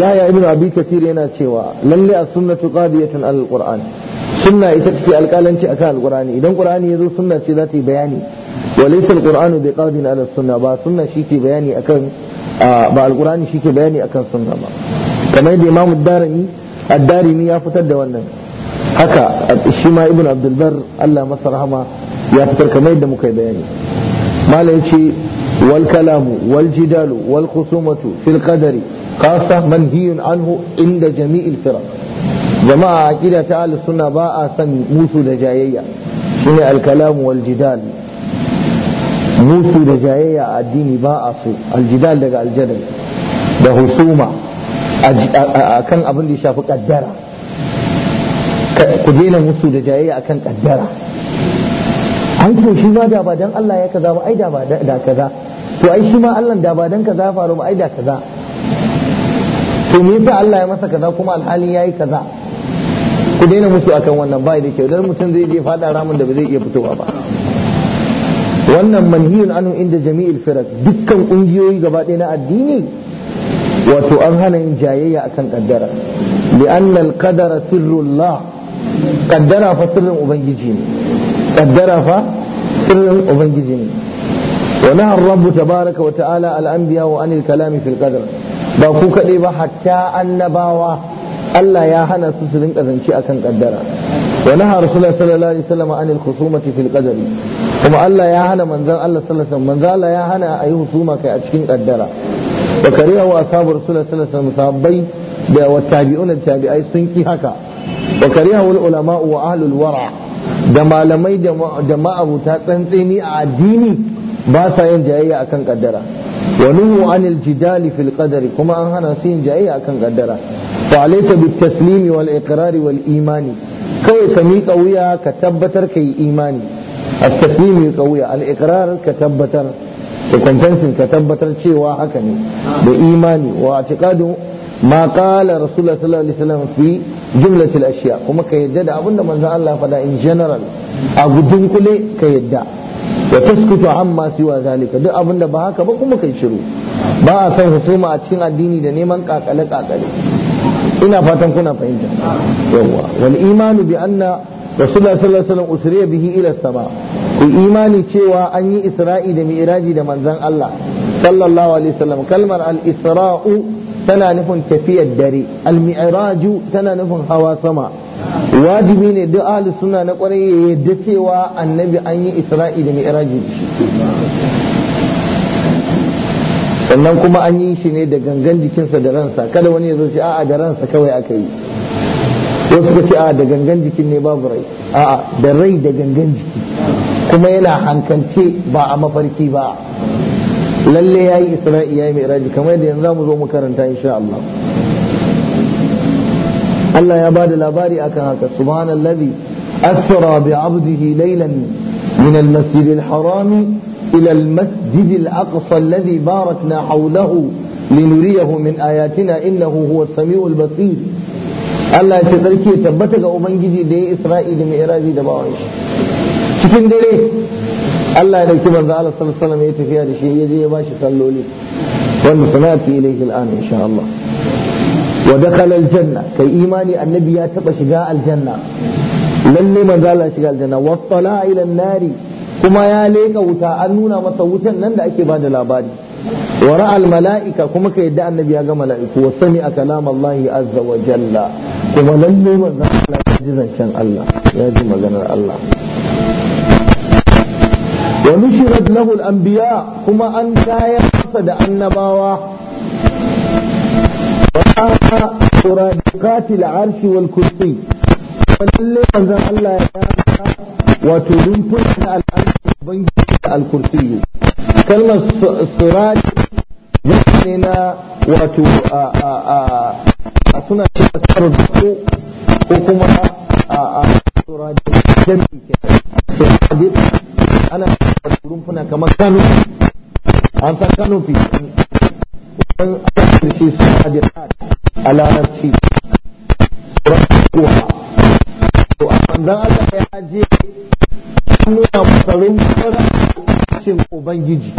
yaya ibnu abi kathir yana cewa lalle as-sunnatu qadiyatan al-qur'an sunna ita take alƙalanci akan alƙur'ani idan ƙur'ani ya zo sunna ce za ta yi bayani wa laysa alqur'anu bi qadin ala sunna ba sunna ke bayani akan ba alƙur'ani shike bayani akan sunna ba kamar da imamu darimi ad ya fitar da wannan haka shi ma ibn abdul bar Allah masa rahama ya fitar kamar yadda muka yi bayani malam yace wal kalamu wal jidalu wal khusumatu fil qadari khassa manhiyun anhu inda jami'il firaq jama'a aqida ta ahlus sunna ba a san musu da jayayya shine al-kalam wal jidal musu da jayayya a addini ba a so al-jidal daga al-jadal da husuma akan abin da ya shafi kaddara ku daina musu da jayayya akan kaddara ai to shi ma da ba dan Allah ya kaza ba ai da ba da kaza to ai shi ma Allah da ba dan kaza faru ba ai da kaza to me yasa Allah ya masa kaza kuma alhali yayi kaza ku daina musu akan wannan bai da kyau dan mutum zai je fada ramin da ba zai iya fitowa ba wannan manhiyun anhu inda jami'il firas dukkan kungiyoyi gaba ɗaya na addini wato an hana yin jayayya akan kaddara li'an al-qadara sirrullah kaddara fa sirrin ubangiji ne kaddara fa sirrin ubangiji ne wa naha rabbu tabaraka wa ta'ala al-anbiya wa anil kalami fil qadar ba ku kadai ba hatta annabawa Allah ya hana su su rinka zance akan kaddara wa naha rasulullah sallallahu alaihi wasallam anil khusumati fil qadari kuma Allah ya hana manzon Allah sallallahu alaihi wasallam manzon ya hana ayi husuma kai a cikin kaddara wa karihu ashabu rasulullah sallallahu alaihi wasallam sahabbai da wa tabi'un tabi'ai sun ki haka wa karihu ulama wa ahlul wara da malamai da ma'abuta tsantseni a addini ba sa yin jayayya akan kaddara wa nuhu anil jidali fil qadari kuma an hana su yin jayayya akan kaddara wa alayka bit taslimi wal iqrar wal imani kawai ka miƙa wuya ka tabbatar ka yi imani at-taslim miƙa wuya ka tabbatar da kwantancin ka tabbatar cewa haka ne da imani wa atiqadu ma qala rasulullah sallallahu fi jumlat al ashiya kuma ka yadda da abinda manzo Allah faɗa in general a gudun kule ka yadda wa taskutu amma siwa zalika duk abinda ba haka ba kuma kai shiru ba a san husuma a cikin addini da neman kakale kakale ina fatan kuna fahimta yawa wal imanu bi anna rasulullah sallallahu alaihi wasallam bihi ila sama ku imani cewa an yi isra'i da mi'raji da manzon Allah sallallahu alaihi wasallam kalmar al isra'u tana nufin tafiyar dare al mi'raju tana nufin hawa sama wajibi ne duk ahlus suna na kwarai ya yadda cewa annabi an yi isra'i da mi'raji sannan kuma an yi shi ne da gangan jikinsa da ransa kada wani ya zo ce a'a da ransa kawai aka yi wasu suka ce a'a da gangan jikin ne babu rai a'a da rai da gangan jiki kuma yana hankance ba a mafarki ba lalle yayi isra'i yayi mi'raji kamar yadda yanzu mu zo mu karanta insha Allah Allah ya bada labari akan haka subhanallazi asra bi 'abdihi laylan min al-masjidil harami إلى المسجد الأقصى الذي باركنا حوله لنريه من آياتنا إنه هو السميع البصير Allah ya ce tsarki tabbata ga Ubangiji da ya Isra'i da Mi'raji da bawan cikin dare Allah ya dauki manzo Allah sallallahu alaihi wasallam ya tafiya da shi ya je ya bashi salloli wanda sanati ilayhi al'an insha Allah wa dakhala al-janna kai imani annabi ya taba shiga aljanna lalle manzo Allah ya shiga aljanna wa tala ila an-nari kuma ya leka wuta an nuna masa wutan nan da ake bada labari wa al mala'ika kuma ka yadda annabi ya ga mala'iku wa sami'a kalam Allah azza wa jalla kuma lalle manzon Allah ya ji zancen Allah ya ji maganar Allah wa nushirat lahu al-anbiya kuma an tayar masa da annabawa wa quradiqati al-arshi wal kursi lalle manzon Allah ya fara wato rumfuna na al'adun ubangiji da al-kursiyu kalmar siraj ne na wato a suna cewa sarzuku ko kuma a suraji jami suraji ana da rumfuna kamar kanu an san kanu fi wani ana da shi suraji a larabci suraji kuwa manzon Allah ya je nuna masa rumfar cikin ubangiji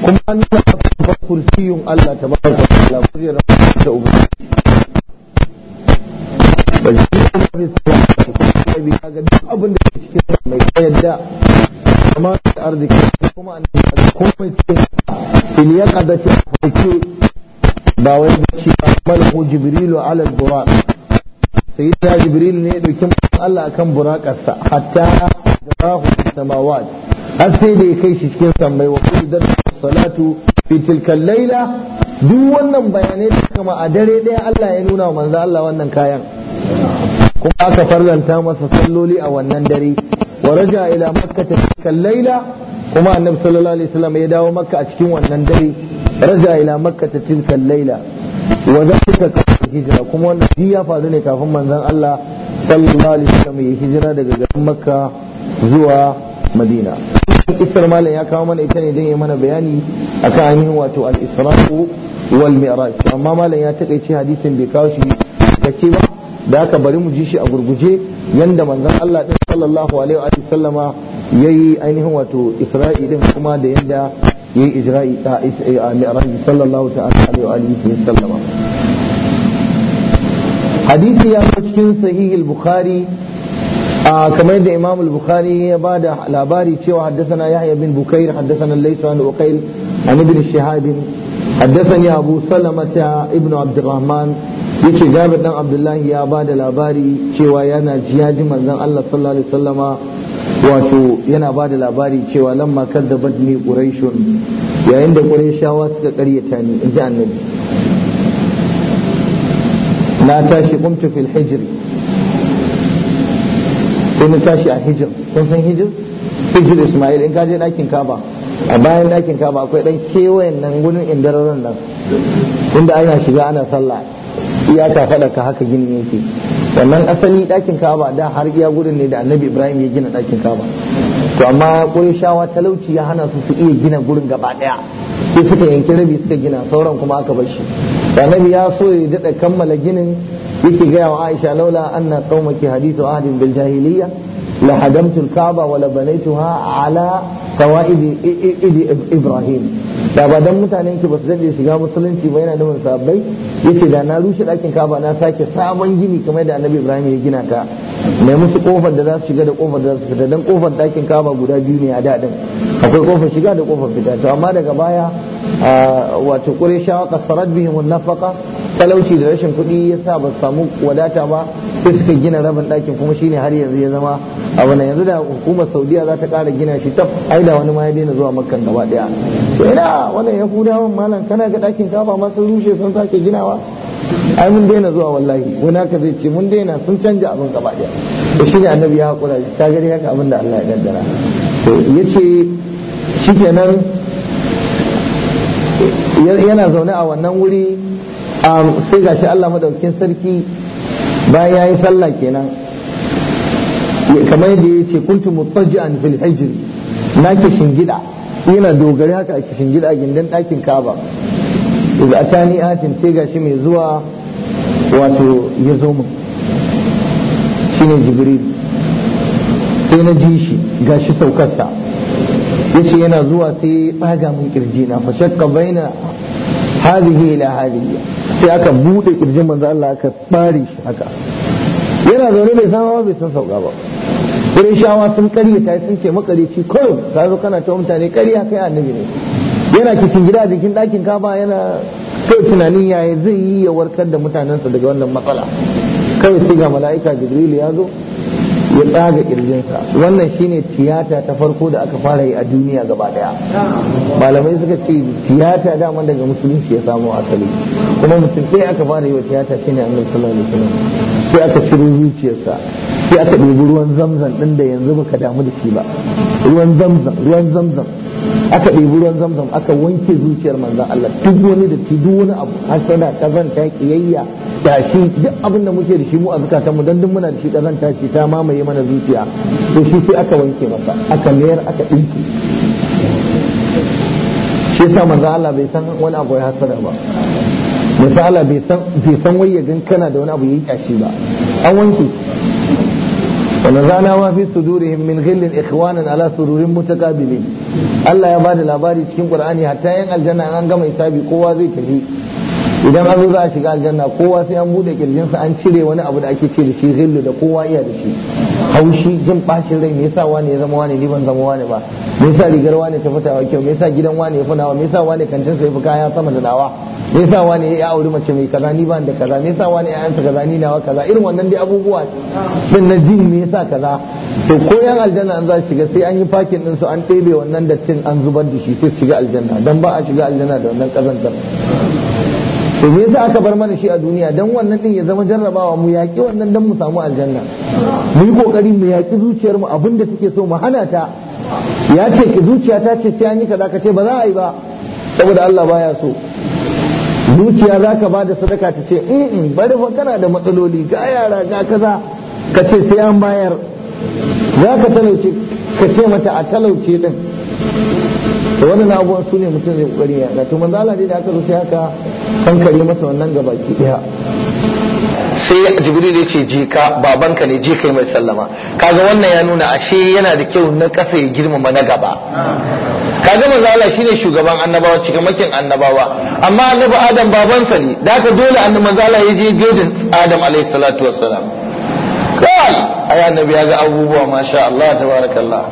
kuma nuna masa kursiyun Allah ta baraka da ala kuriyar da ubangiji ba shi ne bi ka ga duk abin da ke cikin mai yadda amma da arziki kuma an da komai ce in ya kada ce ba wai da shi ba malhu jibrilu ala al sayyidina jibril ne ya dauki Allah akan burakarsa hatta jabahu samawat har sai da ya kai shi cikin sammai wa qudar salatu fi tilka layla duk wannan bayanai da kama a dare ɗaya Allah ya nuna wa manzo Allah wannan kayan kuma aka farlanta masa salloli a wannan dare wa raja ila makka tilka layla kuma annabi sallallahu alaihi wasallam ya dawo makka a cikin wannan dare raja ila makka tilka layla wa zalika hijira kuma wannan shi ya faru ne kafin manzon Allah sallallahu alaihi wasallam ya hijira daga garin Makka zuwa Madina isar malam ya kawo mana ita ne don ya mana bayani akan ainihin wato al isra wal mi'raj amma malam ya takeice hadisin bai kawo shi ke ba da aka bari mu ji shi a gurguje yanda manzon Allah din sallallahu alaihi wa sallama yayi ainihin wato isra'i din kuma da yanda yayi Isra'i ta mi'raj sallallahu ta'ala alaihi wa sallama hadisi ya zo cikin sahih bukhari kamar da imamul bukhari ya bada labari cewa haddathana yahya bin bukair haddathana laysa an uqail an ibn shihab haddathani abu salamata ibn abd alrahman yace jabir dan abdullahi ya bada da labari cewa yana jiyaji manzon Allah sallallahu alaihi wato yana bada labari cewa da kadzabat ni quraishun yayin da quraishawa suka karyata ni inji annabi na tashi kumtu fil hijr sai na tashi a hijr kun san hijr hijr ismail in ka je dakin kaba a bayan dakin kaba akwai dan kewayen nan gudun indararren nan inda ana shiga ana sallah iyaka faɗa ka haka gini yake wannan asali dakin kaba da har iya gudun ne da annabi ibrahim ya gina dakin kaba to amma shawa talauci ya hana su su iya gina gurin gaba ɗaya sai suka yanki rabi suka gina sauran kuma aka bar shi annabi ya so ya dada kammala ginin yake gaya wa Aisha laula anna qaumaki hadithu ahdin bil jahiliyya la hadamtu al-kaaba wa la banaytuha ala qawaid ibrahim da ba dan mutanen ki ba su dade shiga musulunci ba yana nufin sabbai yace da na rushe dakin kaaba na sake sabon gini kamar da annabi ibrahim ya gina ta mai musu kofar da za su shiga da kofar da za su fita dan kofar dakin kaaba guda biyu ne a dadin akwai kofar shiga da kofar fita to amma daga baya wato qurayshawa kasarar bihim mun talauci da rashin kuɗi sa ba samu wadata ba sai suka gina rabin ɗakin kuma shine har yanzu ya zama abu na yanzu da hukumar saudiya za ta ƙara gina shi tab Aida wani ma ya daina zuwa makkan gaba ɗaya to ina wannan yahudawan malam kana ga ɗakin kafa ma sun rushe sun sake ginawa ai mun daina zuwa wallahi wani ka zai ce mun daina sun canja abin gaba ɗaya to shine annabi ya haƙura ta gani haka abin da Allah ya kaddara to yace shikenan yana zaune a wannan wuri um, sai gashi Allah madaukin sarki bayan ya yi sallah kenan kamar yadda ya yace kuntu mutajjian fil na nake shingida yana dogari haka a shingida a gindin ɗakin kaba a tani atin sai gashi mai zuwa wato ya zo mu shine jibril sai na ji shi gashi saukarsa yace yana zuwa sai tsaga mun kirji na fa shakka baina hadhihi ila hadhihi sai aka bude kirjin manzo Allah aka bare shi haka yana zaune bai san ba bai san sauka ba wurin shawa sun ta sun ce makarici kawai ka zo kana ta mutane karya kai annabi ne yana kicin gida jikin ɗakin kaba yana kai tunanin yaya zai yi ya warkar da mutanensa daga wannan matsala kawai sai ga mala'ika jibril ya zo ya tsaga kirjinsa wannan shine tiyata ta farko da aka fara yi a duniya gaba daya malamai suka ce tiyata dama daga musulunci ya samu asali kuma mutum sai aka fara yi wa tiyata shine annabi sallallahu alaihi wasallam sai aka ciro zuciyarsa sai aka ɗebi ruwan zamzam ɗin da yanzu baka damu da shi ba ruwan zamzam ruwan zamzam aka ɗebi ruwan zamzam aka wanke zuciyar manzan Allah duk wani da duk wani abu ta ta kiyayya tashi duk abin da muke da shi mu a zukatanmu don duk muna da shi zan tashi ta mamaye mana zuciya to shi sai aka wanke masa aka mayar aka ɗinki shi sa manzo Allah bai san wani abu ya hasara ba manzo Allah bai san bai san wayyagin kana da wani abu yayi tashi ba an wanke ونزعنا ما في صدورهم من غل إخوانا على سرور متقابلين Allah ya bada labari cikin Qur'ani hatta yan aljanna an gama hisabi kowa zai tafi idan an zo za a shiga aljanna kowa sai an bude kirjinsa an cire wani abu da ake ce da shi zillu da kowa iya da shi haushi jin bashin rai me yasa wani ya zama wani ni ban zama wani ba me yasa rigar wani ta fita wa kyau me yasa gidan wani ya fi me yasa wani kantin sa ya fi kaya sama da nawa me yasa wani ya auri mace mai kaza ni ban da kaza me yasa wani ya ta kaza ni nawa kaza irin wannan dai abubuwa din na jin me yasa kaza to ko yan aljanna an za su shiga sai an yi fakin din su an ɗebe wannan dattin an zubar da shi sai su shiga aljanna dan ba a shiga aljanna da wannan kazantar to me yasa aka bar mana shi a duniya dan wannan din ya zama jarrabawa mu yaki wannan dan mu samu aljanna mu yi kokari mu yaki zuciyar mu abinda take so mu hana ta ya ce ki zuciya ta ce sai an kaza ka ce ba za a yi ba saboda Allah baya so zuciya za ka ba da sadaka ta ce in bari fa kana da matsaloli ga yara ga kaza ka ce sai an bayar za ka talauce ka ce mata a talauce din da wannan abubuwan su ne mutum zai kokari ya na to manzo Allah da aka zo sai haka hankali masa wannan gaba ki daya sai jibril yake je ka babanka ne je kai mai sallama kaga wannan ya nuna ashe yana da kyau na kasa ya girmama na gaba kaga manzo Allah shine shugaban annabawa cikamakin annabawa amma annabi adam babansa ne da haka dole annabi manzo Allah ya je gidan adam alaihi salatu wassalam a yi annabi ya ga abubuwa masha Allah Ta tabarakallah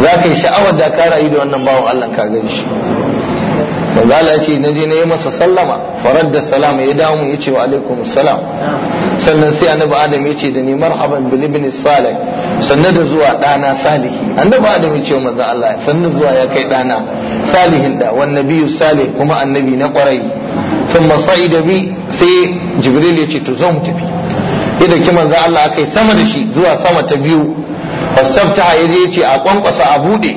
za ka yi sha'awar da ka yi da wannan bawan Allah ka gan shi Allah ya ce na je na yi masa sallama farad da salama ya damu ya ce wa alaikum salam sannan sai annabi adam ya ce da ni marhaban bil ibn salih sannan da zuwa dana salihi annabi adam ya ce wa manzo Allah sannan zuwa ya kai dana salihin da wan nabiyyu salih kuma annabi na kwarai thumma sa'ida bi sai jibril ya ce to zan tafi ya dauki manzon Allah akai sama da shi zuwa sama ta biyu ya je yace a kwankwasa a bude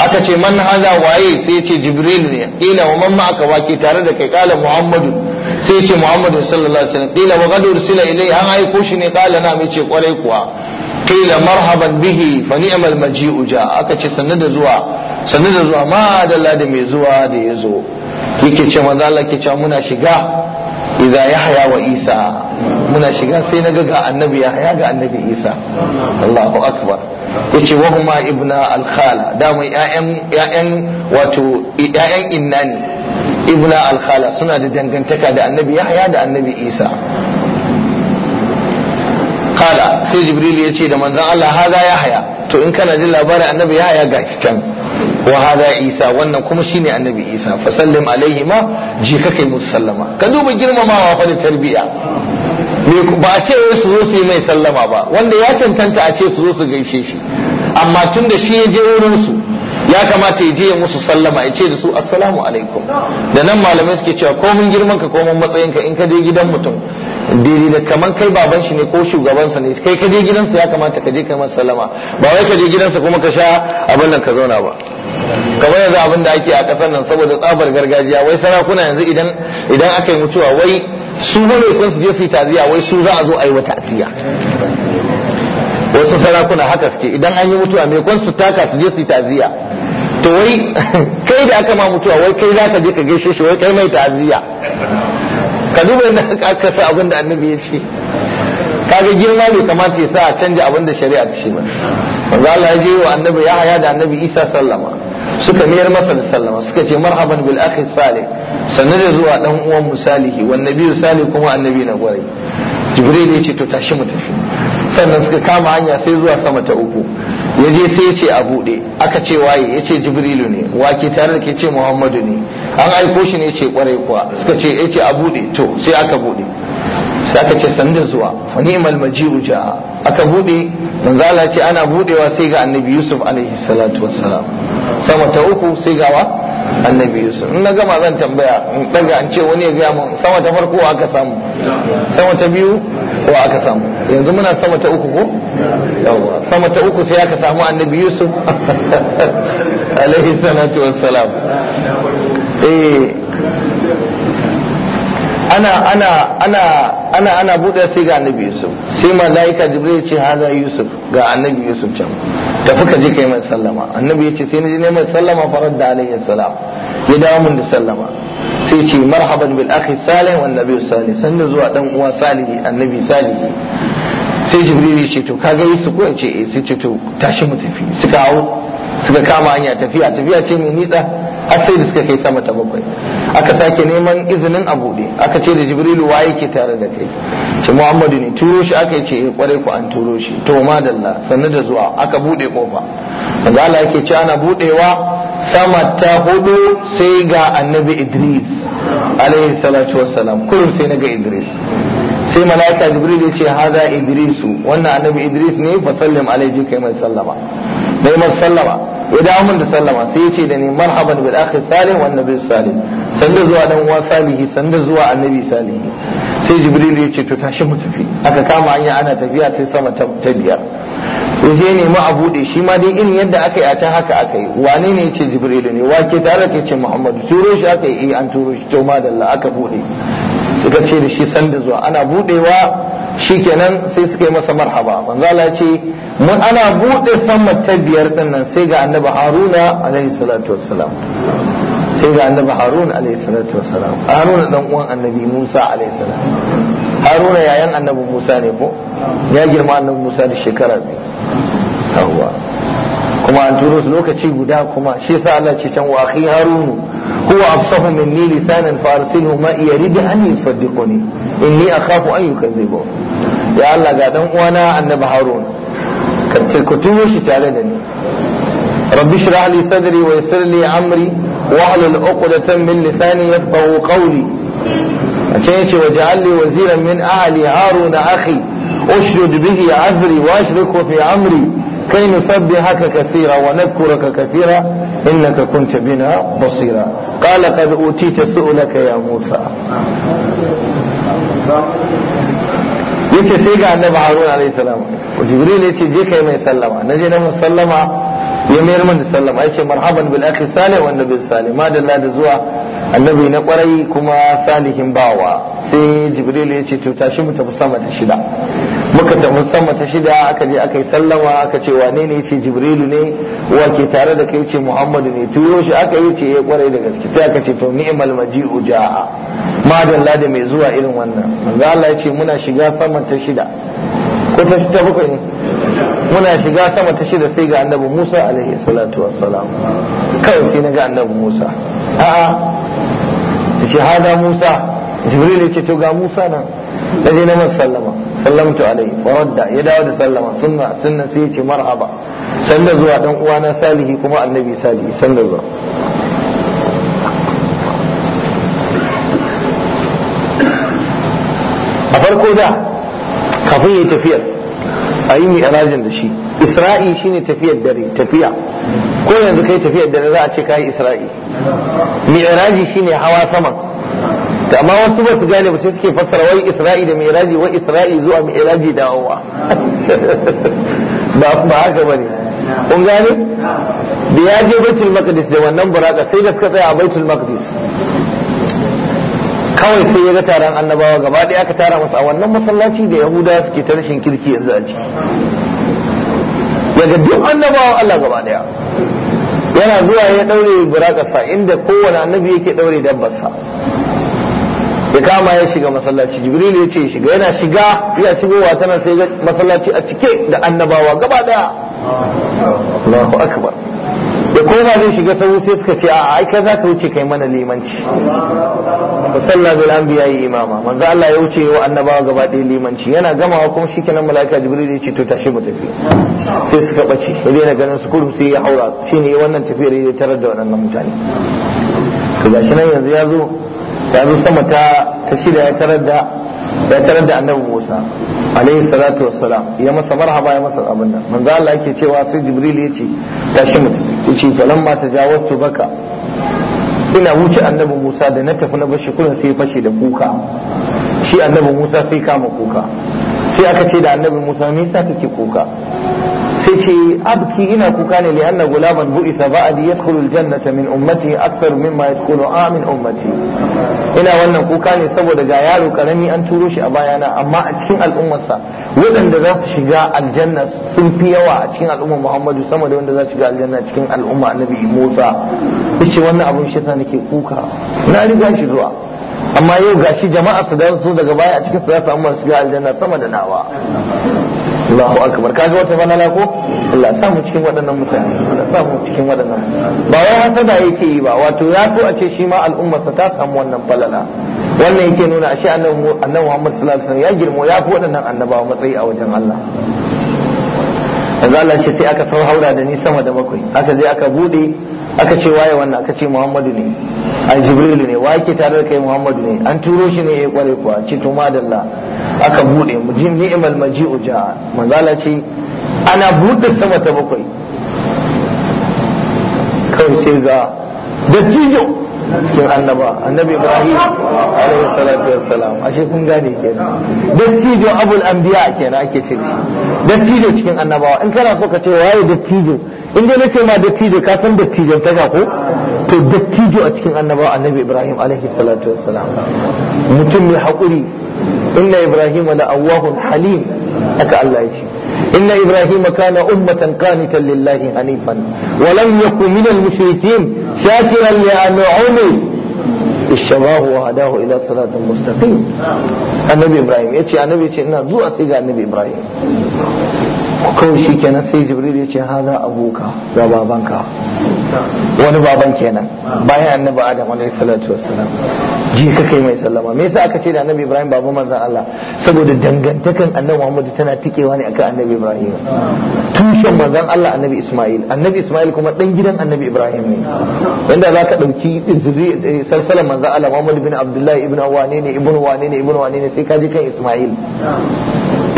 aka ce man haza waye sai yace jibril ne ila wa man ma'aka wake tare da kai kala muhammadu sai yace muhammadu sallallahu alaihi wasallam ila wa gadu ursila ilai an aiko shi ne kala na mace kwarai kuwa kila marhaban bihi fa ni'mal maji'u ja aka ce sanna da zuwa sanna da zuwa ma da mai zuwa da yazo yake ce manzo Allah ke cewa muna shiga ya yahya wa isa muna shiga sai na ga annabi yahya ga annabi isa Allahu akbar yace wa huma ibna al khala da mai ƴaƴan wato ƴaƴan innani ibna al khala suna da dangantaka da annabi yahya da annabi isa kala sai jibril ya ce da manzon Allah haza yahya to in kana jin labarin annabi yahya ga can wa hada isa wannan kuma shine annabi isa fa sallim alaihi ma je ka kai musu sallama ka duba girmamawa fa da tarbiya ba a ce su zo su yi mai sallama ba wanda ya cancanta a ce su zo su gaishe shi amma tun da shi ya je wurin su ya kamata ya je ya musu sallama ya ce da su assalamu alaikum da nan malamai suke cewa ko mun girman ka ko mun matsayin ka in ka je gidan mutum daidai da kaman kai baban shi ne ko shugaban sa ne kai ka je gidansa ya kamata ka je ka masa sallama ba wai ka je gidansa kuma ka sha abin nan ka zauna ba kamar yanzu abin da ake a kasar nan saboda tsabar gargajiya wai sarakuna yanzu idan idan aka yi mutuwa wai su ne kun su je su yi taziya wai su za a zo a yi wa ta'ziya wasu sarakuna haka suke idan an yi mutuwa mai kwan su taka su je su yi ta'aziyya to wai (laughs) kai da aka ma mutuwa wai kai za ka je ka gaishe shi wai kai mai ta'aziyya ka duba yadda (laughs) aka sa abin da annabi ya ce kaga girma bai kamata ya sa a canja abin da shari'a ta shi ba manzo Allah ya je wa annabi ya haya da annabi Isa sallama suka miyar masa da sallama suka ce marhaban bil akhi salih sannan da zuwa dan uwan musalihi wan nabiyyu salih kuma annabi na gwarai jibril ya ce to tashi mu tafi sannan suka kama hanya sai zuwa sama ta uku ya je sai ya ce a buɗe aka ce waye ya ce jibrilu ne wake tare da ke ce muhammadu ne an aiko shi ne ce kwarai kuwa suka ce ya ce a buɗe to sai aka buɗe saka ce sanda zuwa fa ni'mal maji'u ja aka bude manzo Allah ce ana budewa sai ga annabi Yusuf alaihi salatu wassalam sama ta uku sai ga wa annabi Yusuf in na gama zan tambaya in daga an ce wani ya ga mu sama ta farko aka samu sama ta biyu ko aka samu yanzu muna sama ta uku ko yawa sama ta uku sai aka samu annabi Yusuf (laughs) alaihi salatu wassalam eh ana ana ana ana ana buɗe sai ga annabi yusuf sai malaika jibril ce haza yusuf ga annabi yusuf can tafi ka je kai mai sallama annabi ya ce sai ni ne mai sallama farar da alayhi salam ya dawo mun da sallama sai ce marhaban bil akhi salih wan nabi salih sannu zuwa dan uwa salihi annabi salihi sai jibril ya ce to kaga yusuf ko ce eh, sai ce to tashi mu tafi suka hawo suka kama hanya tafiya tafiya ce mai nisa har sai da suka kai sama ta bakwai aka sake neman izinin a buɗe aka ce da jibrilu wa yake tare da kai ce muhammadu ne turo shi aka ce kware eh, ku an turo shi to dalla sannu da zuwa aka buɗe kofa wanda Allah yake ce ana buɗewa sama ta hudu sai ga annabi idris alaihi salatu wassalam kullum sai na ga idris sai mala'ika jibril ya ce haza idrisu wannan annabi idris ne fa sallim alaihi kai mai sallama mai sallama ya dawo min da sallama sai ya ce da ni marhaban bil akhi salih wan nabi salih sanda zuwa dan uwa salihi sanda zuwa annabi salihi sai jibril ya ce to tashi mu tafi aka kama hanya ana tafiya sai sama ta biyar ya je nemi a buɗe shi ma dai irin yadda aka yi a can haka aka yi wane ne yace jibril ne wake tare ka ce muhammadu turo shi aka yi eh, an turo shi to madalla aka bude. suka ce da shi sanda zuwa ana buɗewa shikenan sai suka yi masa marhaba manzala ya ce mun ana buɗe sama ta biyar din nan sai ga annabi haruna alaihi salatu wassalam sai ga annabi haruna alaihi salatu wassalam haruna dan uwan annabi musa alaihi salam haruna yayan annabi musa ne ko ya girma annabi musa da shekara biyu kuma an turo su lokaci guda kuma shi yasa Allah ce can wa akhi harunu huwa afsahu minni lisanan fa arsilhu ma yarid an yusaddiquni inni akhafu an yukazzibu ya Allah ga dan uwana annabi harun ka ce ku turo shi tare da ni rabbi shrah li sadri wa yassir li amri واحلل عقدة من لساني يفقه قولي أتيت واجعل لي وزيرا من أهلي هارون أخي أشرد به عذري وأشركه في amri. كي نسبحك كثيرا ونذكرك كثيرا إنك كنت بنا بصيرا قال قد أوتيت سؤلك يا موسى yace sai ga annabi haruna alayhi salam jibril yace je kai mai sallama naje na mun sallama ya mayar mun sallama yace marhaban bil akhi salih wa annabi salih madalla da zuwa annabi na kwarai kuma salihin bawa sai jibril yace to tashi mu tafi sama da shida muka tafi sama ta shida aka je aka yi sallama aka ce wane ne ce jibrilu ne wa ke tare da kai ce muhammadu ne tuyo shi aka yi ce ya eh, kwarai da gaske sai aka ce to ni'mal maji'u ja'a madalla da mai zuwa irin wannan manzo Allah ya ce muna shiga sama ta shida ko ta shida bakwai ne muna shiga sama ta shida sai ga annabi Musa alaihi salatu wassalam kai sai na ga annabi Musa a'a ta ce hada Musa jibril ya ce to ga Musa nan da je na sallama sallamtu alai faradda ya dawo da sallama sunna sunna sai ya ce marhaba sanda zuwa dan uwana salihi kuma annabi salihi sanda zuwa a farko da kafin ya tafiyar a yi alajin da shi isra'i shine tafiyar dare tafiya ko yanzu kai tafiyar dare za a ce kai isra'i alaji shine hawa saman da amma wasu ba su gane ba sai suke fassara wai isra'i da mi'raji wai isra'i zuwa mi'raji dawowa (laughs) ba ba haka bane kun gane da ya je baitul maqdis da wannan buraka sai da suka tsaya a baitul maqdis kawai sai ya ga taron annabawa gaba ɗaya aka tara masa a wannan masallaci da yahuda suke ta rashin kirki yanzu a ciki daga duk annabawa Allah gaba ɗaya yana zuwa ya daure burakarsa inda kowane annabi yake daure dabbarsa ya kama ya shiga masallaci jibril ya ce shiga yana shiga ya shigowa tana sai ga masallaci a cike da annabawa gaba daya Allahu akbar da koma zai shiga sauri sai suka ce a ai zaka za ka wuce kai mana limanci fa bil anbiya imama manzo Allah ya wuce wa annabawa gaba da limanci yana gamawa kuma shikenan malaika jibril ya ce to tashi mu tafi sai suka bace ya daina ganin su kurum sai ya haura shine wannan tafiyar ya tarar da wannan mutane to gashi nan yanzu ya zo ya zo sama ta ta shirya ya tarar da ya tarar annabi Musa alaihi salatu wassalam ya masa marhaba ya masa abin nan manzo Allah yake cewa sai Jibril ya ce tashi mutum yace falamma tajawaztu baka ina wuce annabi Musa da na tafi na bashi kullun sai fashe da kuka shi annabi Musa sai kama kuka sai aka ce da annabi Musa me yasa kake kuka sai ce abki ina kuka ne li anna gulaman ba ba'di yadkhulu aljannata min ummati akthar mimma yadkhulu amin ummati ina wannan kuka ne saboda ga yaro karami an turo shi a bayana amma a cikin al'ummarsa wadanda za su shiga aljanna sun fi yawa a cikin al'ummar Muhammadu sama da wanda za su shiga aljanna cikin al'umma Annabi Musa yace wannan abun shi yasa nake kuka na riga shi zuwa amma yau gashi jama'a su da su daga baya a cikin su za su su shiga aljanna sama da nawa Allahu akbar kaga wata banana ko Allah sa mu cikin waɗannan mutane Allah sa mu cikin waɗannan ba wai hasada yake yi ba wato ya so a ce shi ma al'ummarsa ta samu wannan balala wannan yake nuna ashe annabi annabi Muhammad sallallahu alaihi wasallam ya girmo ya fi waɗannan annabawa matsayi a wajen Allah yanzu Allah ce sai aka sau haura da ni sama da bakwai aka je aka bude aka ce waye wannan aka ce muhammadu ne ai jibrilu ne wa yake tare da kai muhammadu ne an turo shi ne ya eh, kware kuwa ce to madalla aka bude mu jin ni'mal maji'u ja'a manzala ce ana bude sama ta bakwai kawai sai ga dattijo cikin annaba annabi ibrahim alaihi salatu wassalam ashe kun gane kenan dattijo abul anbiya kenan ake ce shi dattijo cikin annabawa in kana so ka ce waye dattijo in da na nace ma dattijo kasan san dattijo ta ko to dattijo a cikin annaba annabi ibrahim alaihi salatu wassalam mutum mai hakuri inna ibrahim la awwahun halim aka allah ya inna ibrahim kana ummatan qanitan lillahi hanifan wa lam yakun min al mushrikin shakiran li an'ami الشباب وهداه الى صراط مستقيم النبي ابراهيم يا النبي ان زو اتي النبي ابراهيم kawai shi kenan sai jibril ya ce haza abuka za babanka wani baban kenan bayan annabi adam alaihi salatu wassalam ji ka kai mai sallama me yasa aka ce da annabi ibrahim baban manzon Allah saboda dangantakan annabi muhammad tana tikewa ne akan annabi ibrahim tushen manzon Allah annabi isma'il annabi isma'il kuma dan gidan annabi ibrahim ne wanda zaka dauki eh, salsalan manzon Allah muhammad bin abdullahi ibn wane ne ibn wane ne ibn wane ne sai ka ji kan isma'il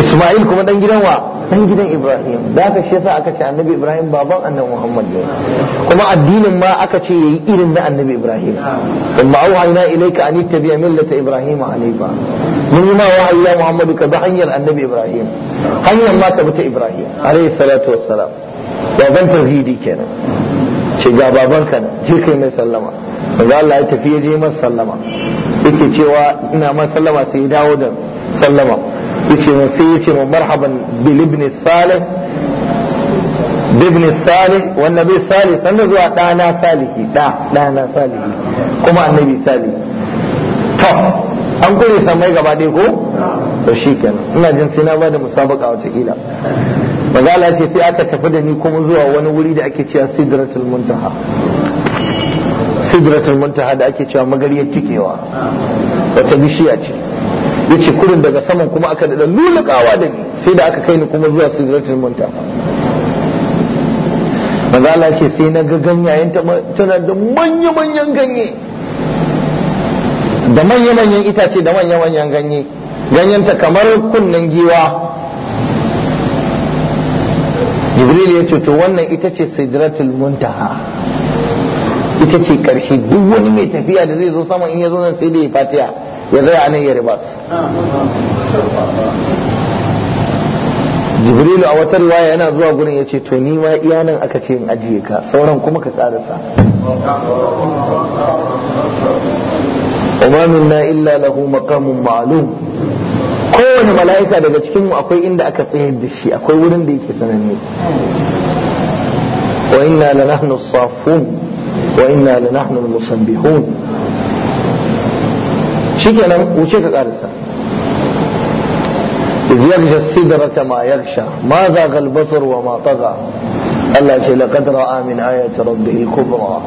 isma'il kuma dan gidan wa dan gidan Ibrahim da aka shi yasa aka ce annabi Ibrahim baban annabi Muhammad ne kuma addinin ma aka ce yayi irin na annabi Ibrahim kuma auhayna ilayka an tabi'a millata Ibrahim hanifa mun yi ma wahayi ya Muhammadu ka bi hanyar annabi Ibrahim hanyar ma ta Ibrahim alayhi salatu wassalam baban tauhidi kenan ce ga babanka je kai mai sallama daga Allah ya tafi ya je masa sallama yake cewa ina ma sallama sai ya dawo da sallama yace mu sai yace mu marhaban bil ibn salih ibn salih wan nabi salih sanda zuwa dana salihi da dana salihi kuma annabi salih to an kure mai gaba dai ko to shikenan ina jin sai na bada musabaka wata kila maza ce sai aka tafi da ni kuma zuwa wani wuri da ake cewa sidratul muntaha sidratul muntaha da ake cewa magariyar tikewa wata bishiya ce yace kurin daga saman kuma aka da lulukawa da ni sai da aka kai ni kuma zuwa sidratul muntaha manzo Allah ce sai na ga ganyayen ta tana da manya-manyan ganye da manya-manyan itace da manya-manyan ganye ganyen ta kamar kunnen giwa jibril ya ce to wannan ita ce sidratul muntaha ita ce karshe duk wani mai tafiya da zai zo sama in ya zo nan sai da ya fatiya ya zai anan ya ribas jibrilu a wata riwaya yana zuwa gurin ya ce to ni ma iya aka ce in ajiye ka sauran kuma ka tsarasa umamin na illa lahu maqamun ma'lum kowane mala'ika daga cikin mu akwai inda aka tsayar da shi akwai wurin da yake sananne wa inna lanahnu as wa inna lanahnu musabbihun shikenan wuce ka karisa إذ يغشى ma za ka albasar wa البصر وما Allah ce شيء لقد رأى من آية ربه الكبرى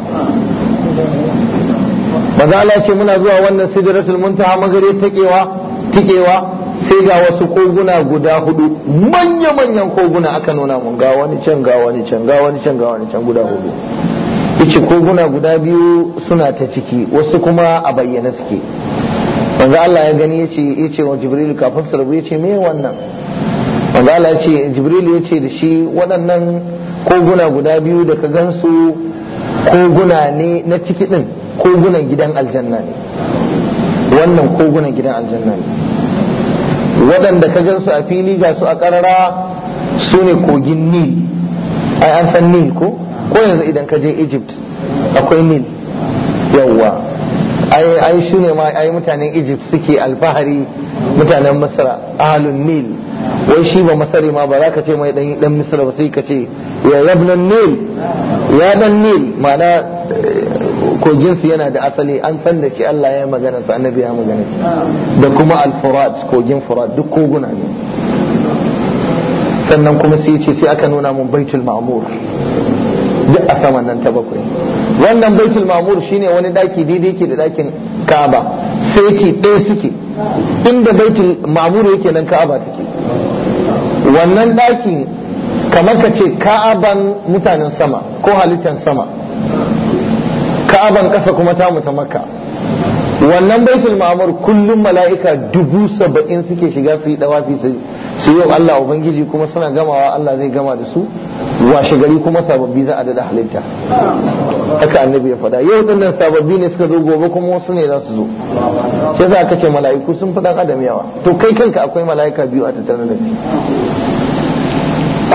maza Allah ce muna zuwa wannan sidratul muntaha magare takewa takewa sai ga wasu koguna guda hudu manya manyan koguna aka nuna mun ga wani can ga wani can ga wani can ga wani can guda hudu ice koguna guda biyu suna ta ciki wasu kuma a bayyane suke wanda Allah ya gani ya ce wa Jibril kafin su rabu ya ce me wannan wanda Allah ce Jibril ce da shi waɗannan koguna guda biyu da ka gansu koguna ne na ciki ɗin kogunan gidan aljanna ne wannan kogunan gidan aljanna ne waɗanda ka gansu a fili ga su a ƙarara su ne kogin Nil ai an san Nil ko ko yanzu idan ka je Egypt akwai Nil yawwa ai ai shine ma ai mutanen Egypt suke alfahari mutanen Masar ahlun Nil wai shi ba Masar ma ba za ka ce mai dan dan Masar ba sai ka ce ya yabnan Nil ya dan Nil ma'ana eh, kogin su yana da asali an san da shi Allah ya magana sa annabi ya magana shi da kuma al-Furat kogin Furat duk koguna ne sannan kuma sai ce sai aka nuna mun Baitul Ma'mur duk a saman nan ta bakwai wannan baitul mamur shine wani daki daidai ke da dakin ka'aba sai ce ɗaya suke inda baitul mamur yake nan ka'aba take wannan daki kamar ka ce ka'aban mutanen sama ko halittan sama ka'aban ƙasa kuma ta ta makka wannan baitul mamur kullum mala'ika dubu saba'in suke shiga su yi dawafi su yi Allah Ubangiji kuma suna gamawa Allah zai gama da su washe gari kuma sababbi za a dada halitta haka annabi ya faɗa yau dinnan sababbi ne suka zo gobe kuma wasu ne za su zo sai za ka ce mala'iku sun fi dan adam yawa to kai kanka akwai mala'ika biyu a tattare da kai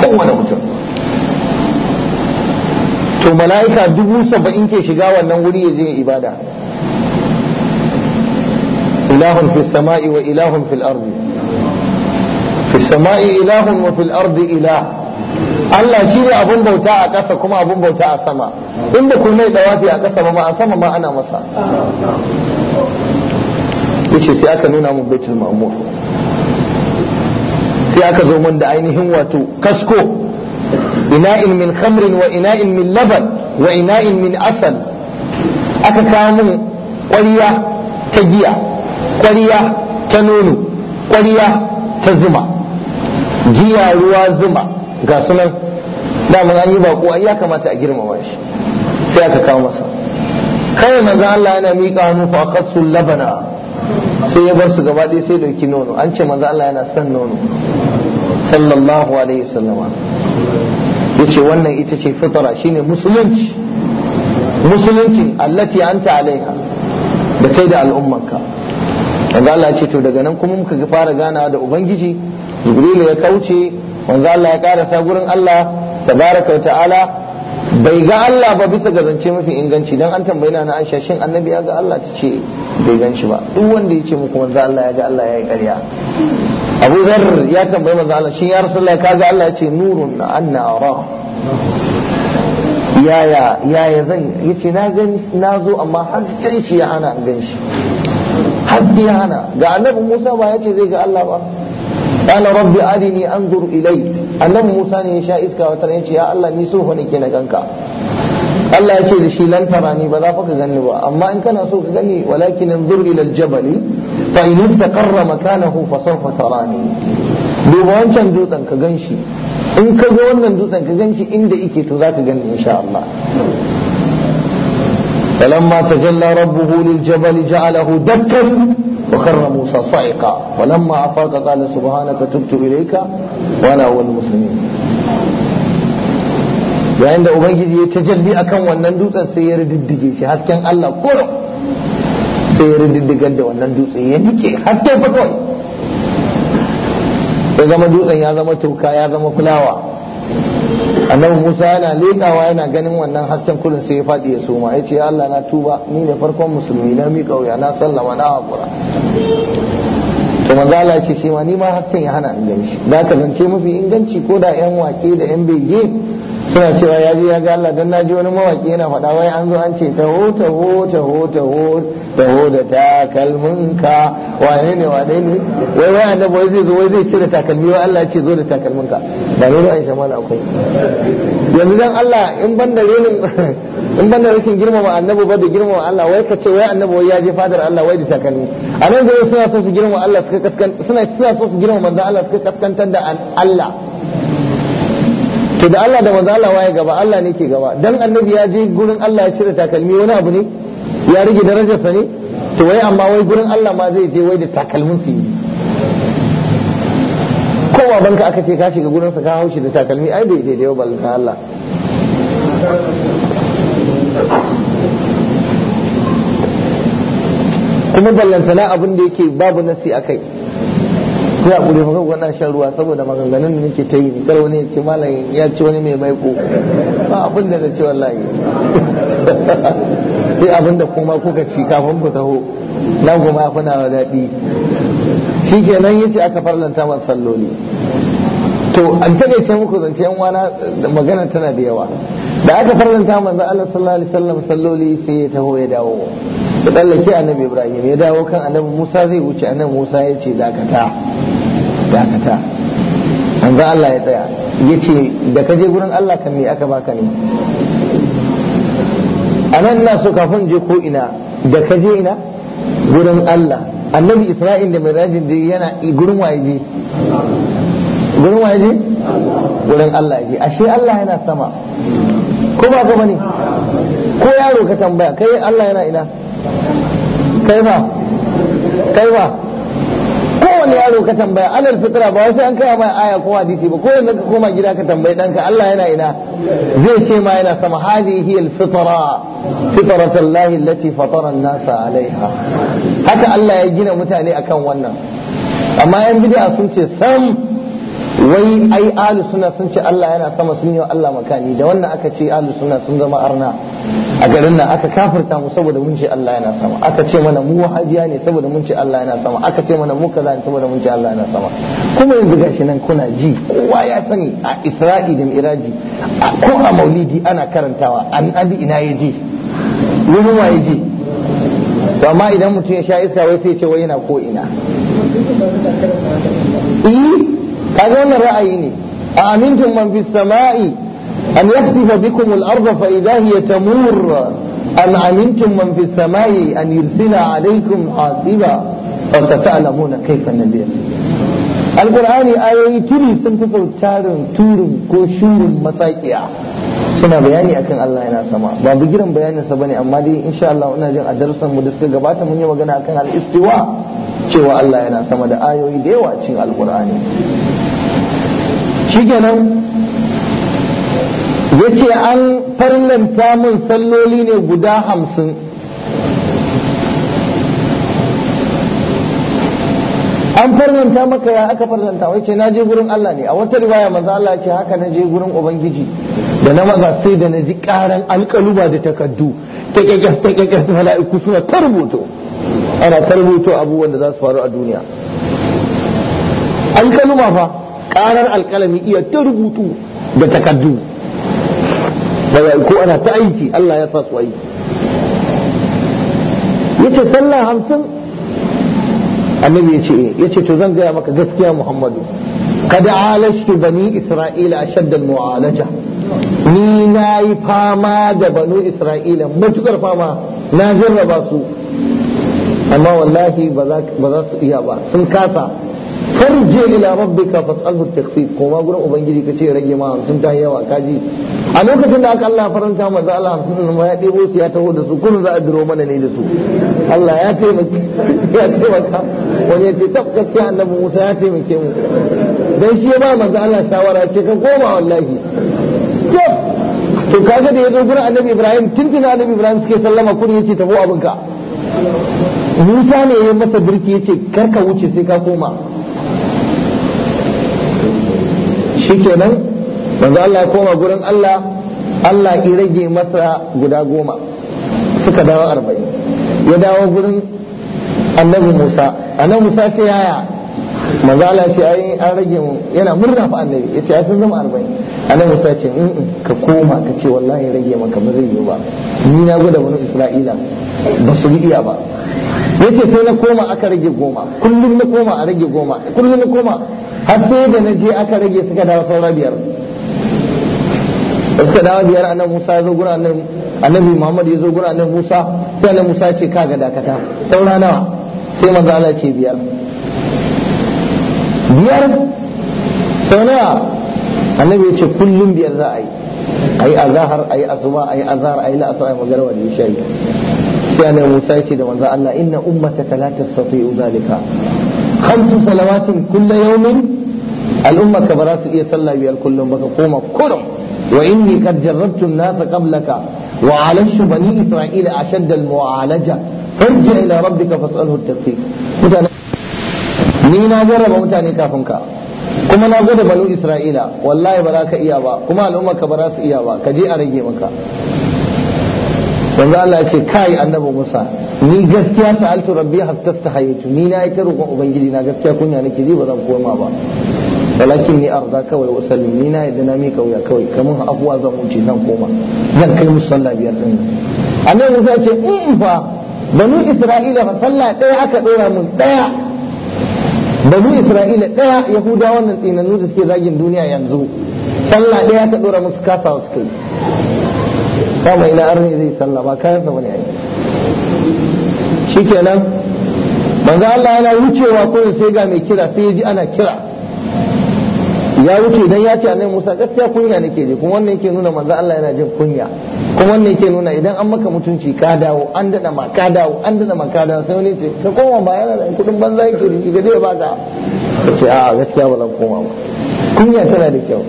kowane mutum to mala'ika dubu saba'in ke shiga wannan wuri ya je ibada ilahun fi sama'i wa ilahun fil ardi fi sama'i ilahun wa fil ardi ilah Allah shi ne abin bauta a ƙasa kuma abin bauta a sama inda kun mai dawafi a ƙasa ma a sama ma ana masa yace sai aka nuna mu baitul ma'mur sai aka zo mun da ainihin wato kasko ina'in min khamrin wa ina'in min laban wa ina'in min asal aka kawo mun ƙwariya ta giya ƙwariya ta nono ƙwariya ta zuma giya ruwa zuma ga sunan dama an yi bako ya kamata a girmama shi sai aka kawo masa kawai manzo Allah yana miƙa hannu fa qasul labana sai ya bar su gaba ɗaya sai dauki nono an ce manzo Allah yana son nono sallallahu alaihi wasallama yace wannan ita ce fitara shine musulunci musulunci allati anta alaiha da kai da al'ummanka manzo Allah ya ce to daga nan kuma muka fara ganawa da ubangiji jibrilu ya kauce wanzu Allah ya karasa gurin Allah tabaraka wa ta'ala bai ga Allah ba bisa ga zance mafi inganci dan an tambayi na Aisha shin annabi ya ga Allah ta ce bai ganci ba duk wanda ya ce muku wanzu Allah ya ga Allah ya yi ƙarya Abu Zar ya tambayi manzo Allah shin ya Rasulullah ka ga Allah ya ce nurun anna ara yaya yaya zan yace na gani na zo amma hasken shi ya hana an gan shi haske ya hana ga annabi Musa ba ya ce zai ga Allah ba qala rabbi arini anzur ilai annabi Musa ne ya sha iska wata ran yace ya Allah ni so fa nake na ganka Allah ya ce da shi lan tarani ba za fa ka ganni ba amma in kana so ka gani walakin anzur ila aljabal fa in istaqarra makanahu fa sawfa tarani duba wancan dutsen ka ganshi in ka ga wannan dutsen ka ganshi inda yake ta za ka gani insha Allah فلما تجلى ربه للجبل جعله دكا وخر موسى صعقا ولما أفاق قال سبحانك تبت إليك وأنا أول المسلمين yayin da ubangiji ya a kan wannan dutsen sai ya riddige shi hasken Allah kurum sai ya riddigar da wannan dutsen ya nike haske fa kawai ya zama dutsen ya zama toka ya zama fulawa annabi Musa yana leƙawa yana ganin wannan hasken kurin sai ya faɗi ya soma ya ce ya Allah na tuba ni ne farkon musulmi na miƙa wuya na sallama na haƙura to manzo Allah ce shi ma ni ma hasken ya hana inganci za ka zance mafi inganci ko da yan wake da yan bege suna cewa ya ji ya ga Allah na ji wani mawaƙi yana faɗa wai an zo an ce taho taho taho taho ho da takalminka wane ne wane ne wai wai annabi wai zai zo wai zai da takalmi wai Allah ya ce zo da takalminka ba ne ruwan shamala akwai yanzu dan Allah in ban da renin (laughs) in ban da rashin girmama annabi ba da girmama Allah wai ka ce wai annabi wai ya je fadar Allah wai da takalmi nan da suna so su girmama Allah suka kaskan suna suna so su girma manzon Allah suka kaskantar da Allah to da Allah da manzo Allah waye gaba Allah ne ke gaba dan annabi ya je gurin Allah ya cire takalmi wani abu ne ya rage sa ne to wai amma wai gurin Allah ma zai je wai da takalmin su kowa banka aka ce ka shiga gurin sa ka haushi da takalmi ai bai daidai ba ka Allah kuma ballantana abin da yake babu nasi akai sai a gure maka wannan shan ruwa saboda maganganun da nake ta yi kar wani ya ce malam ya ci wani mai maiko ba abin da na ce wallahi (laughs) sai abin da kuma kuka ci kafin ku taho nan kuma kuna da daɗi shi kenan yace aka farlanta man salloli to an taƙaice muku zance yan wana magana tana da yawa da aka farlanta manzo Allah sallallahu alaihi wasallam salloli sai ya taho ya dawo da tsallake annabi Ibrahim ya dawo kan annabi Musa zai wuce annabi Musa ya ce dakata dakata an za Allah ya tsaya ya ce da ka je gurin Allah kan me aka baka ne a nan na so kafin je ko ina da ka je ina gurin Allah annabi Isra'il da mirajin da yana gurin waye je gurin waye je gurin Allah je ashe Allah yana sama ko ba ka bane ko yaro ka tambaya kai Allah yana ina kai ba kai ba kowane yaro ka tambaya alal fitra ba wasu an kai mai aya ko hadisi ba ko yanzu ka koma gida ka tambayi danka Allah yana ina zai ce ma yana sama hadihi al fitra fitratan lahi allati fatara an-nasa alaiha haka Allah ya gina mutane akan wannan amma yan bid'a sun ce sam wai ai ahlus sunna sun ce Allah yana sama sun yi Allah makani da wannan aka ce ahlus sunna sun zama arna a garin nan aka kafirta mu saboda mun ce Allah yana sama aka ce mana mu wahabiya ne saboda mun ce Allah yana sama aka ce mana mu kaza ne saboda mun ce Allah yana sama kuma yanzu gashi nan kuna ji kowa ya sani a Isra'i da Miraji ko a Maulidi ana karantawa annabi ina ya ji wani ya ji amma idan mutum ya sha iska wai sai ce wai yana ko ina eh kaga wannan ra'ayi ne a amintun man fis sama'i أن يخسف بكم الأرض فإذا هي تمور أم أمنتم من في السماء أن يرسل عليكم حاسبا فستعلمون كيف النبي القرآن آياتي سنتفو تارن تورن كوشور مسايكيا سنة بياني أكن الله هنا سما ما بجرم بياني سبني أما دي إن شاء الله أنا جن أدرسا مدسك قباتا مني وقنا أكن الاستواء شوى الله هنا سما دا آيو يديوى القرآن شكرا yace an farlanta min salloli ne guda hamsin an farlanta maka ya aka farlanta wai ce na je gurin Allah ne a wata riwaya manzo Allah ce haka na je gurin ubangiji da na maza sai da na ji karan alƙaluba da takaddu ta kakkas ta kakkas mala'iku suna tarbuto ana tarbuto abubuwan da za su faru a duniya alƙaluba fa karar alƙalami iya ta da takaddu ko ana ta aiki Allah ya sa su aiki yace sallah hamsin annabi yace yace to zan gaya maka gaskiya Muhammadu kad alashtu bani isra'ila ashadda mu'alaja ni nayi fama da banu isra'ila matukar fama na jarraba su amma wallahi ba za su iya ba sun kasa farje ila rabbika fas'alhu at-takhfif koma gurin ubangiji kace rage ma 50 ta yawa kaji a lokacin da aka Allah faranta za Allah 50 ma ya ɗebo su ya taho da su kun za a duro mana ne da su Allah ya taimaka ya taimaka wani ya ce tab gaskiya annabi Musa ya taimake mu dan shi ba manzo Allah shawara ce ka koma wallahi tab to kaga da yazo gurin annabi Ibrahim tuntun annabi Ibrahim suke sallama kun yace tabo abinka Musa ne ya masa birki yace karka wuce sai ka koma shikenan manzo Allah koma gurin Allah Allah ya rage masa guda goma suka dawo arba'in ya dawo gurin annabi Musa annabi Musa ce yaya manzo Allah ce ai an rage mu yana murna fa annabi yace ai sun zama arba'in annabi Musa ce in mm, mm, ka koma ka ce wallahi rage maka ba zai yi ba ni na gwada wani Isra'ila ba su yi iya ba yace sai na koma aka rage goma kullum na koma a rage goma kullum na koma har sai da na je aka rage suka dawo saura biyar da suka dawo biyar annabi Musa ya zo gura annabi Muhammad ya zo gura nan Musa sai annabi Musa ce kaga dakata saura nawa sai manzo Allah ce biyar biyar sau nawa annabi ya ce kullum biyar za a yi ayi azahar ayi asuba ayi azhar ayi la'asar ayi magarwa da isha'i sai annabi Musa ya ce da manzo Allah inna ummataka la tastati'u zalika khamsu kula kulla yawmin al'umma ka ba iya sallah biyar kullum baka koma kurum wa inni qad jarrabtu an-nasa qablaka wa alashu bani isra'ila ashadda al-mu'alaja farji ila rabbika fas'alhu at-tafsir mutane ni na jarraba mutane kafin ka kuma na gwada banu isra'ila wallahi ba za ka iya ba kuma al'umma ka ba iya ba ka je a rage maka manzo Allah ya ce kai annabi Musa ni gaskiya ta sa'altu rabbi haftastahaytu ni na yi roƙon ubangiji na gaskiya kunya nake ji ba zan koma ba walakin ni arda kawai wa sallim ni na yadda na mika wuya kawai kamun abuwa zan wuce zan koma zan kai musu sallah biyar din annabi Musa ya ce in mm, fa banu Isra'ila fa sallah ɗaya aka ɗora mun ɗaya banu Isra'ila ɗaya Yahudawa wannan tsinannu da suke zagin duniya yanzu sallah ɗaya aka ɗora musu kasa wasu kai. mai ina arni zai sallah ba kayan sa bane shikenan manzo Allah yana wucewa ko sai ga mai kira sai ya ji ana kira ya wuce dan ya ce annabi Musa gaskiya kunya nake ji kuma wannan yake nuna manzo Allah yana jin kunya kuma wannan yake nuna idan an maka mutunci ka dawo an dada ma ka dawo an dada ma ka dawo sai wani ce ka koma ba yana da kudin banza yake da ga dai ba ka ce a gaskiya ba zan koma ba kunya tana da kyau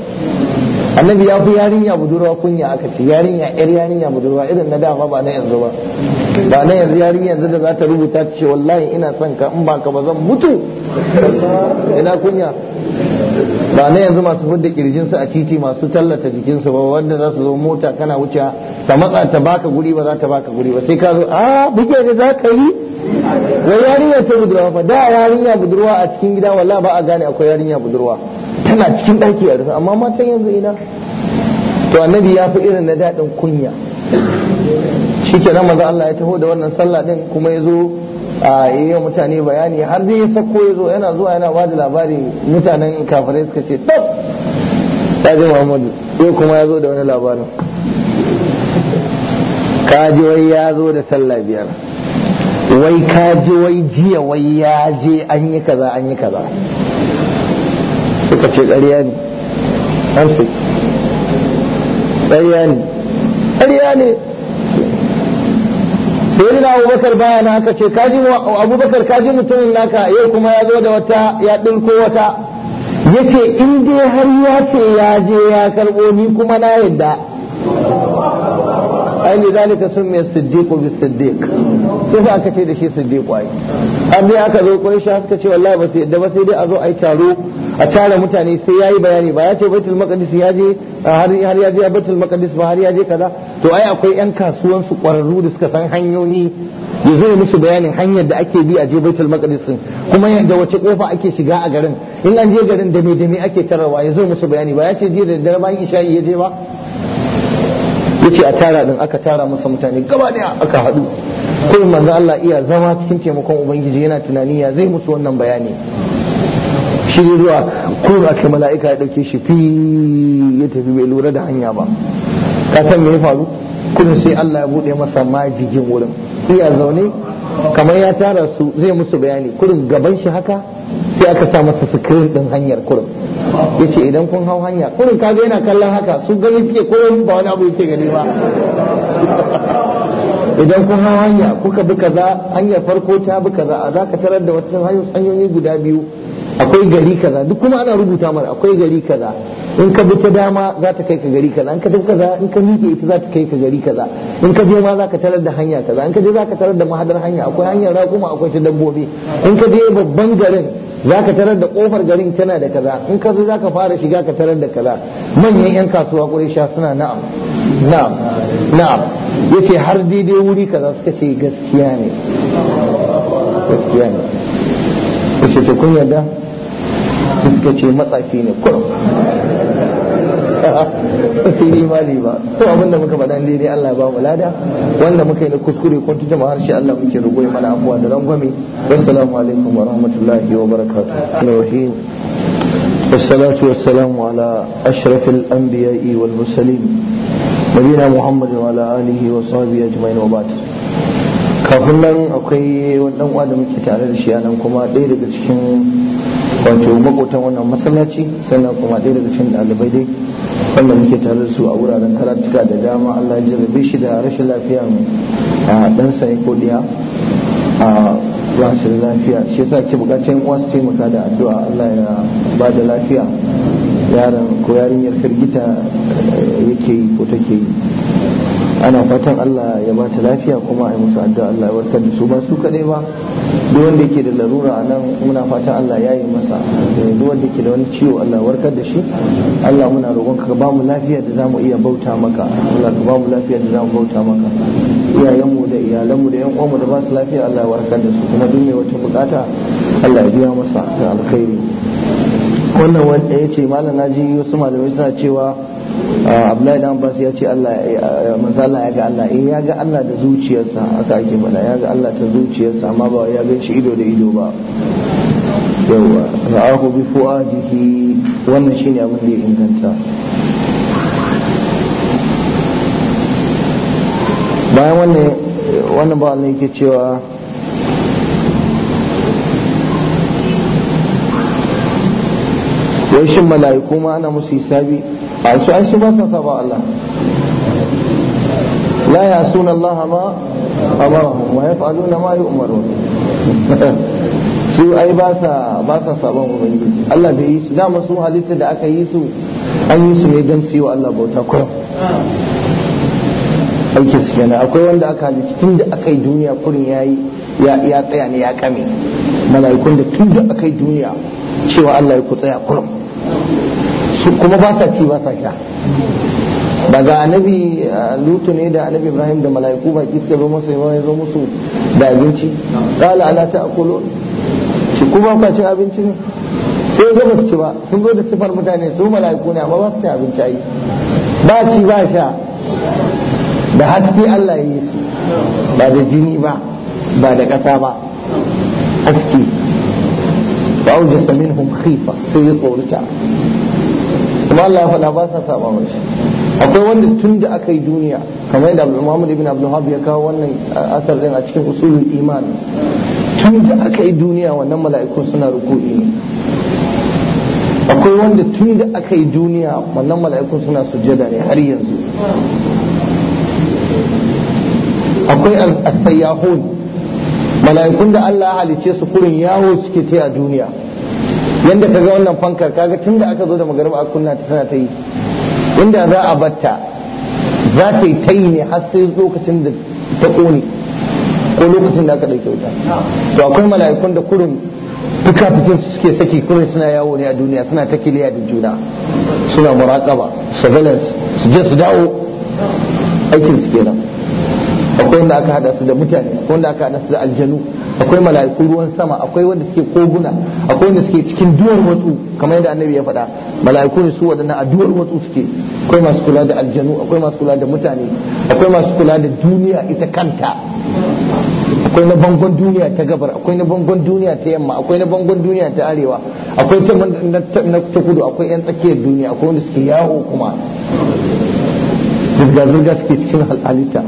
annabi ya fi yarinya budurwa kunya aka ce yarinya yar yarinya budurwa irin na dama ba na yanzu ba ba na yanzu yarinya yanzu da za ta rubuta ce wallahi ina son ka in ba ka ba zan mutu ina kunya ba na yanzu masu fudda su a titi masu tallata su ba wanda za su zo mota kana wuce ta matsa ta baka guri ba za ta baka guri ba sai ka zo a ah, buke ne za ka yi wai yarinya ta budurwa fa da yarinya budurwa a cikin gida wallahi ba a gane akwai yarinya budurwa tana cikin ɗaki a rufe amma matan yanzu ina to annabi ya fi irin na daɗin kunya shi ke nan maza Allah ya taho da wannan sallah ɗin kuma ya zo a yi mutane bayani har zai ya sako ya zo yana zuwa yana ba da labari mutanen kafirai suka ce tab ya ji muhammadu yau kuma ya zo da wani labarin kaji wai ya zo da sallah biyar wai kaji wai jiya wai ya je an yi kaza an yi kaza suka ce ƙarya ne amsa ƙarya ne ƙarya ne sai na abubakar baya na haka ce kaji abubakar kaji mutumin naka yau kuma ya zo da wata ya ɗinko wata ya ce in dai har ya ce ya je ya karɓo ni kuma na yadda ai li zalika summiya siddiku bis siddiq sai sa aka ce da shi siddiqu ai an dai aka zo quraisha suka ce wallahi ba sai da ba sai dai a zo ai taro a tara mutane sai yayi bayani ba ya ce baitul maqdis ya je har har ya je baitul maqdis ba har ya je kaza to ai akwai yan kasuwan su kwararru da suka san hanyoyi ya zo musu bayanin hanyar da ake bi a je baitul maqdis din kuma da wace kofa ake shiga a garin in an je garin da me da me ake tararwa ya zo musu bayani ba ya ce je da dare bayan isha'i ya je ba ya ce a tara ɗin aka tara masa mutane gaba ɗaya aka haɗu kurin manzo Allah iya zama cikin taimakon ubangiji yana tunani ya zai musu wannan bayani shi ne zuwa kurin aka mala'ika ya ɗauke shi fi ya tafi bai lura da hanya ba ka san me ya faru kuma sai Allah ya buɗe masa majigin wurin iya zaune kamar ya tara su zai musu bayani kurin gaban shi haka aka sa masa sikirin din hanyar kurum yace idan kun hau hanya kurin kaga yana kallon haka su gani suke koyon ba wani abu yake gani ba idan kun hau hanya kuka bi kaza hanyar farko ta bi kaza a za ka tarar da wata hanyoyi guda biyu akwai gari kaza duk kuma ana rubuta mana akwai gari kaza in ka bi ta dama za ta kai ka gari kaza in ka tafi kaza in ka miƙe ita za ta kai ka gari kaza in ka je ma za ka tarar da hanya kaza in ka je za ka tarar da mahadar hanya akwai hanyar rakuma akwai ta dabbobi in ka je babban garin za ka tarar da kofar garin tana da kaza in ka zo za ka fara shiga ka tarar da kaza manyan 'yan kasuwa ƙurisha suna na'am na'am na'am ya har daidai wuri kaza suka ce gaskiya ne gaskiya ne ce kun yarda suka ce matsafi ne kurum sai ni mali ba to abinda muka faɗa ne dai Allah ba mu lada wanda muka yi na kuskure ko ta har shi Allah muke roƙo mana abuwa da rangwame wassalamu alaikum wa rahmatullahi wa barakatuh rahim والصلاة والسلام على أشرف الأنبياء والمرسلين نبينا محمد وعلى آله وصحبه أجمعين وبعد kafin nan akwai wannan wa da muke tare da shi anan kuma ɗaya daga cikin wato makotan wannan masallaci sannan kuma ɗaya daga cikin ɗalibai dai wanda muke tare da su a wuraren karatuka da dama Allah ya jarrabe shi da rashin lafiya a dan sai ko a rashin lafiya shi yasa ke bukatun uwa su taimaka da addu'a Allah ya ba da lafiya yaron ko yarinyar firgita eh, yake yi ko take yi ana fatan Allah ya ba ta lafiya kuma a yi musu addu'a Allah ya warkar da su ba su kaɗai ba duk wanda yake da larura a nan muna fatan Allah ya yi masa eh, duk wanda yake da wani ciwo Allah warkar da shi Allah muna roƙon ka ba mu lafiya da zamu iya bauta maka Allah ka ba mu lafiya da zamu bauta maka iyayenmu da iyalanmu da yan uwanmu da ba su lafiya Allah ya warkar da su kuma duk mai wata bukata Allah ya biya masa da alkhairi wannan wanda ya ce malam na ji wasu malamai suna cewa Ah, abdullahi dan abbas ya ce Allah manzo Allah ya ga Allah in eh, ya ga Allah da zuciyarsa aka ake mana ya ga Allah ta zuciyarsa amma ba ya ga shi ido da ido ba yawa ra'ahu bi fuadihi wannan shine abin da ya inganta bayan wannan wannan ba Allah yake cewa wai shin mala'iku ma ana musu hisabi a su an ba sa saba Allah la ya suna Allah ma amarahum wa yaf'aluna ma yu'marun (laughs) su ai ba sa ba sa saban ubangiji Allah bai yi su da su halitta da aka yi su an yi su ne don su wa Allah bauta kuma aikin su kenan akwai wanda aka halitta tun da aka yi duniya kurin yayi ya tsaya ne ya kame mala'ikun da tun da aka yi duniya cewa Allah ya ku tsaya kurin. su kuma ba sa ci ba sa sha daga annabi lutu ne da annabi ibrahim da mala'iku ba kiske zo masa yawa ya zo musu da abinci qala ala akulo shi kuma ba ci abinci ne sai zo basu ci ba sun zo da sifar mutane su mala'iku ne amma ba su ci abinci ayi. ba ci ba sha da haske Allah ya yi su ba da jini ba ba da ƙasa ba haske ba auja saminhum khifa sai ya tsorata kuma Allah ya faɗa ba sa saba mashi akwai wanda tun da aka yi duniya kamar yadda Abdul Muhammad ibn Abdul Habib ya kawo wannan asar din a cikin usulul iman tun da aka yi duniya wannan mala'ikun suna ruku'i ne akwai wanda tun da aka yi duniya wannan mala'ikun suna sujjada ne har yanzu akwai al sayyahun mala'ikun da Allah ya halice su kurin yawo suke ta a duniya yanda ka ga wannan fankar kaga tun da aka zo da magariba a kunna ta tana ta yi inda za a batta za ta yi ta yi ne har sai lokacin da ta ƙone ko lokacin da aka ɗauke wuta to akwai mala'ikun da kurin duka fitin suke saki kurin suna yawo ne a duniya suna ta kiliya da juna suna muraƙaba surveillance su je su dawo aikin su kenan akwai wanda aka hada su da mutane akwai wanda aka hada su da aljanu akwai mala'iku ruwan sama akwai wanda suke koguna akwai wanda suke cikin duwar watsu kamar yadda annabi ya faɗa mala'iku ne su waɗannan a duwar watsu suke akwai masu kula da aljanu akwai masu kula da mutane akwai masu kula da duniya ita kanta akwai na bangon duniya ta gabar akwai na bangon duniya ta yamma akwai na bangon duniya ta arewa akwai ta kudu akwai yan tsakiyar duniya akwai wanda suke yawo kuma zirga-zirga suke cikin halitta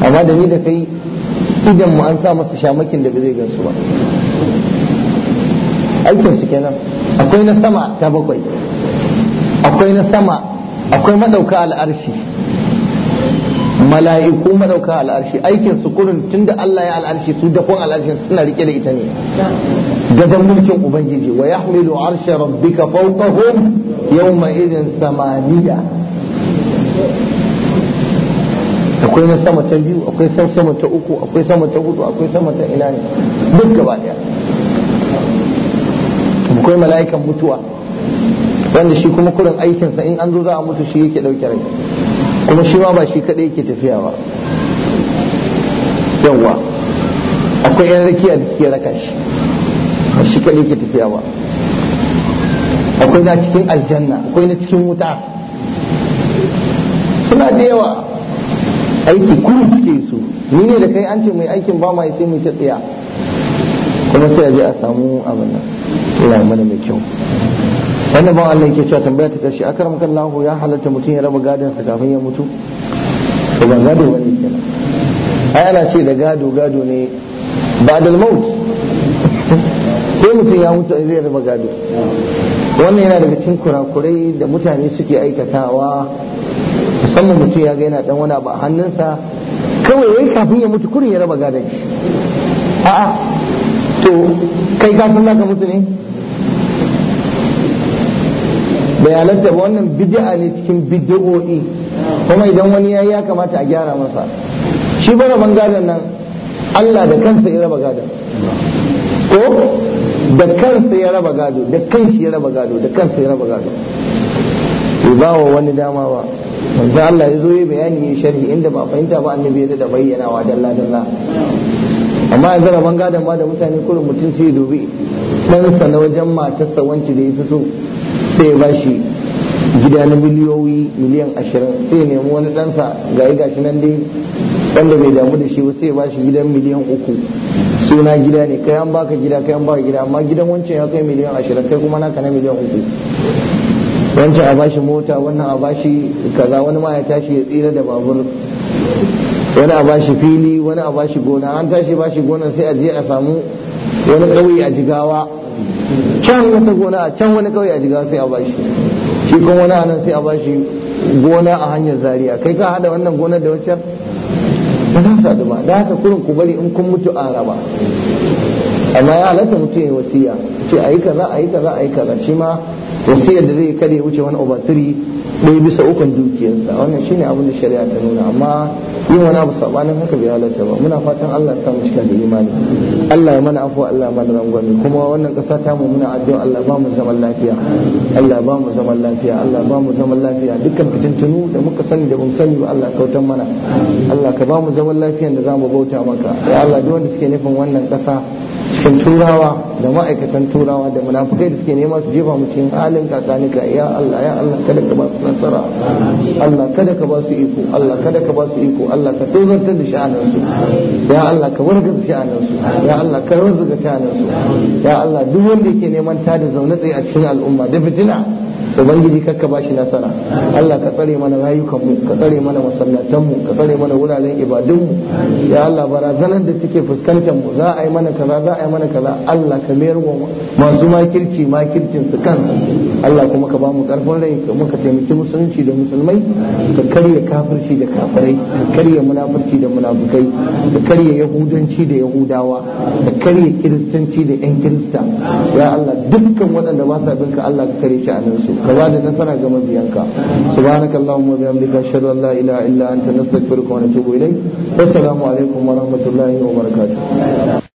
amma da ni da kai idan mu an sa masa shamakin da ba zai gansu ba aikin su kenan akwai na sama ta bakwai akwai na sama akwai madauka al'arshi mala'iku madauka al'arshi aikin su kurin tunda Allah ya al'arshi su dakon al'arshin suna rike da ita ne gaban mulkin ubangiji wa yahmilu arsha rabbika fawqahum yawma idin samaniya akwai na sama ta biyu akwai sama ta uku akwai sama ta hudu akwai sama ta ina ne duk gaba daya akwai mala'ikan mutuwa wanda shi kuma kurin aikinsa in an zo za a mutu shi yake dauke rai kuma shi ma ba shi kadai yake tafiya ba yawa akwai yan rakiya da suke raka shi ba shi kadai yake tafiya ba akwai na cikin aljanna akwai na cikin wuta suna da yawa aiki kurum suke su ni ne da kai an ce mai aikin ba ma sai mu ta tsaya kuma sai a je a samu abin nan ina mana mai kyau wannan ban Allah yake cewa tambaya ta karshe akram kallahu ya halatta mutum ya raba gadon sa kafin ya mutu to ban gado bane kenan ai ana ce da gado gado ne ba'dal maut (laughs) sai mutum ya mutu zai raba gado wannan yana daga cikin kurakurai da mutane suke aikatawa musamman mutum ya ga yana dan wani abu a hannunsa kawai yayi kafin ya mutu kurin ya raba gadon shi a'a to kai ka san zaka mutu ne bayanan da wannan bid'a ne cikin bid'o'i kuma idan wani yayi ya kamata a gyara masa shi ba raban gadon nan Allah da kansa ya raba gadon ko da kansa ya raba gado da kanshi ya raba gado da kansa ya raba gado bai ba wa wani dama ba manzo Allah ya zo ya bayani yi sharhi inda ba fahimta ba annabi ya da bayyanawa dalla dalla amma yanzu rabon gadon ma da mutane kurin mutum sai ya dubi ɗansa na wajen matarsa wance da ya fi so sai ya bashi gida na miliyoyi miliyan ashirin sai ya nemi wani ɗansa ga yi gashi nan dai wanda bai damu da shi ba sai ya bashi gidan miliyan uku suna gida ne kai an baka gida kai an baka gida amma gidan wancan ya kai miliyan ashirin kai kuma naka na miliyan uku wancan a bashi mota wannan a bashi kaza wani ma ya tashi ya tsira da babur wani a bashi fili wani a bashi gona an tashi bashi gona sai a je a samu wani ƙauye a jigawa can wata gona a can wani ƙauye a jigawa sai a bashi shi kuma wani anan sai a bashi gona a hanyar zaria kai ka hada wannan gona da wancan ba za su haɗu ba da haka kurin ku bari in kun mutu a raba amma ya halatta mutum ya wasiya ce a yi kaza a yi kaza a yi kaza shi ma wasiyar da zai kada ya wuce wani over three ɗaya bisa ukun dukiyarsa wannan shine abin da shari'a ta nuna amma yin wani abu sabanin haka bai halarta ba muna fatan Allah ya samu cika da imani Allah ya mana afu Allah ya mana rangwame kuma wannan ƙasa ta mu muna addu'a Allah ba mu zaman lafiya Allah ba mu zaman lafiya Allah ba mu zaman lafiya dukkan fitintunu da muka sani da bamu sani ba Allah kautan mana Allah ka ba mu zaman lafiyan da za mu bauta maka ya Allah duk wanda suke nufin wannan ƙasa cikin turawa da ma'aikatan turawa da munafukai da suke nema su jefa mu cikin halin kakanika ya Allah ya Allah kada ka ba su nasara Allah kada ka ba su iko Allah kada ka ba su iko Allah ka tozartar da sha'anin su ya Allah ka warga sha'anin su ya Allah ka warga sha'anin su ya Allah duk wanda yake neman ta da zaune tsaye a cikin al'umma da fitina ubangiji kakka ba shi nasara Allah ka tsare mana rayukanmu ka tsare mana masallatanmu ka tsare mana wuraren ibadunmu ya Allah barazanar da suke fuskantar mu za a yi mana kaza za za a yi mana kaza Allah ka mayar wa masu makirci makircin su kan Allah kuma ka ba mu karfin rai kuma ka taimaki musulunci da musulmai ka karya kafirci da kafirai ka karya munafurci da munafukai ka karya yahudanci da yahudawa ka karya kiristanci da yan kirista ya Allah dukkan waɗanda ba sa binka Allah ka kare shi a nan su ka ba da nasara ga mabiyanka subhanakallahumma wa bihamdika ashhadu an la ilaha illa anta nastaghfiruka wa natubu ilayk wassalamu alaikum wa rahmatullahi wa barakatuh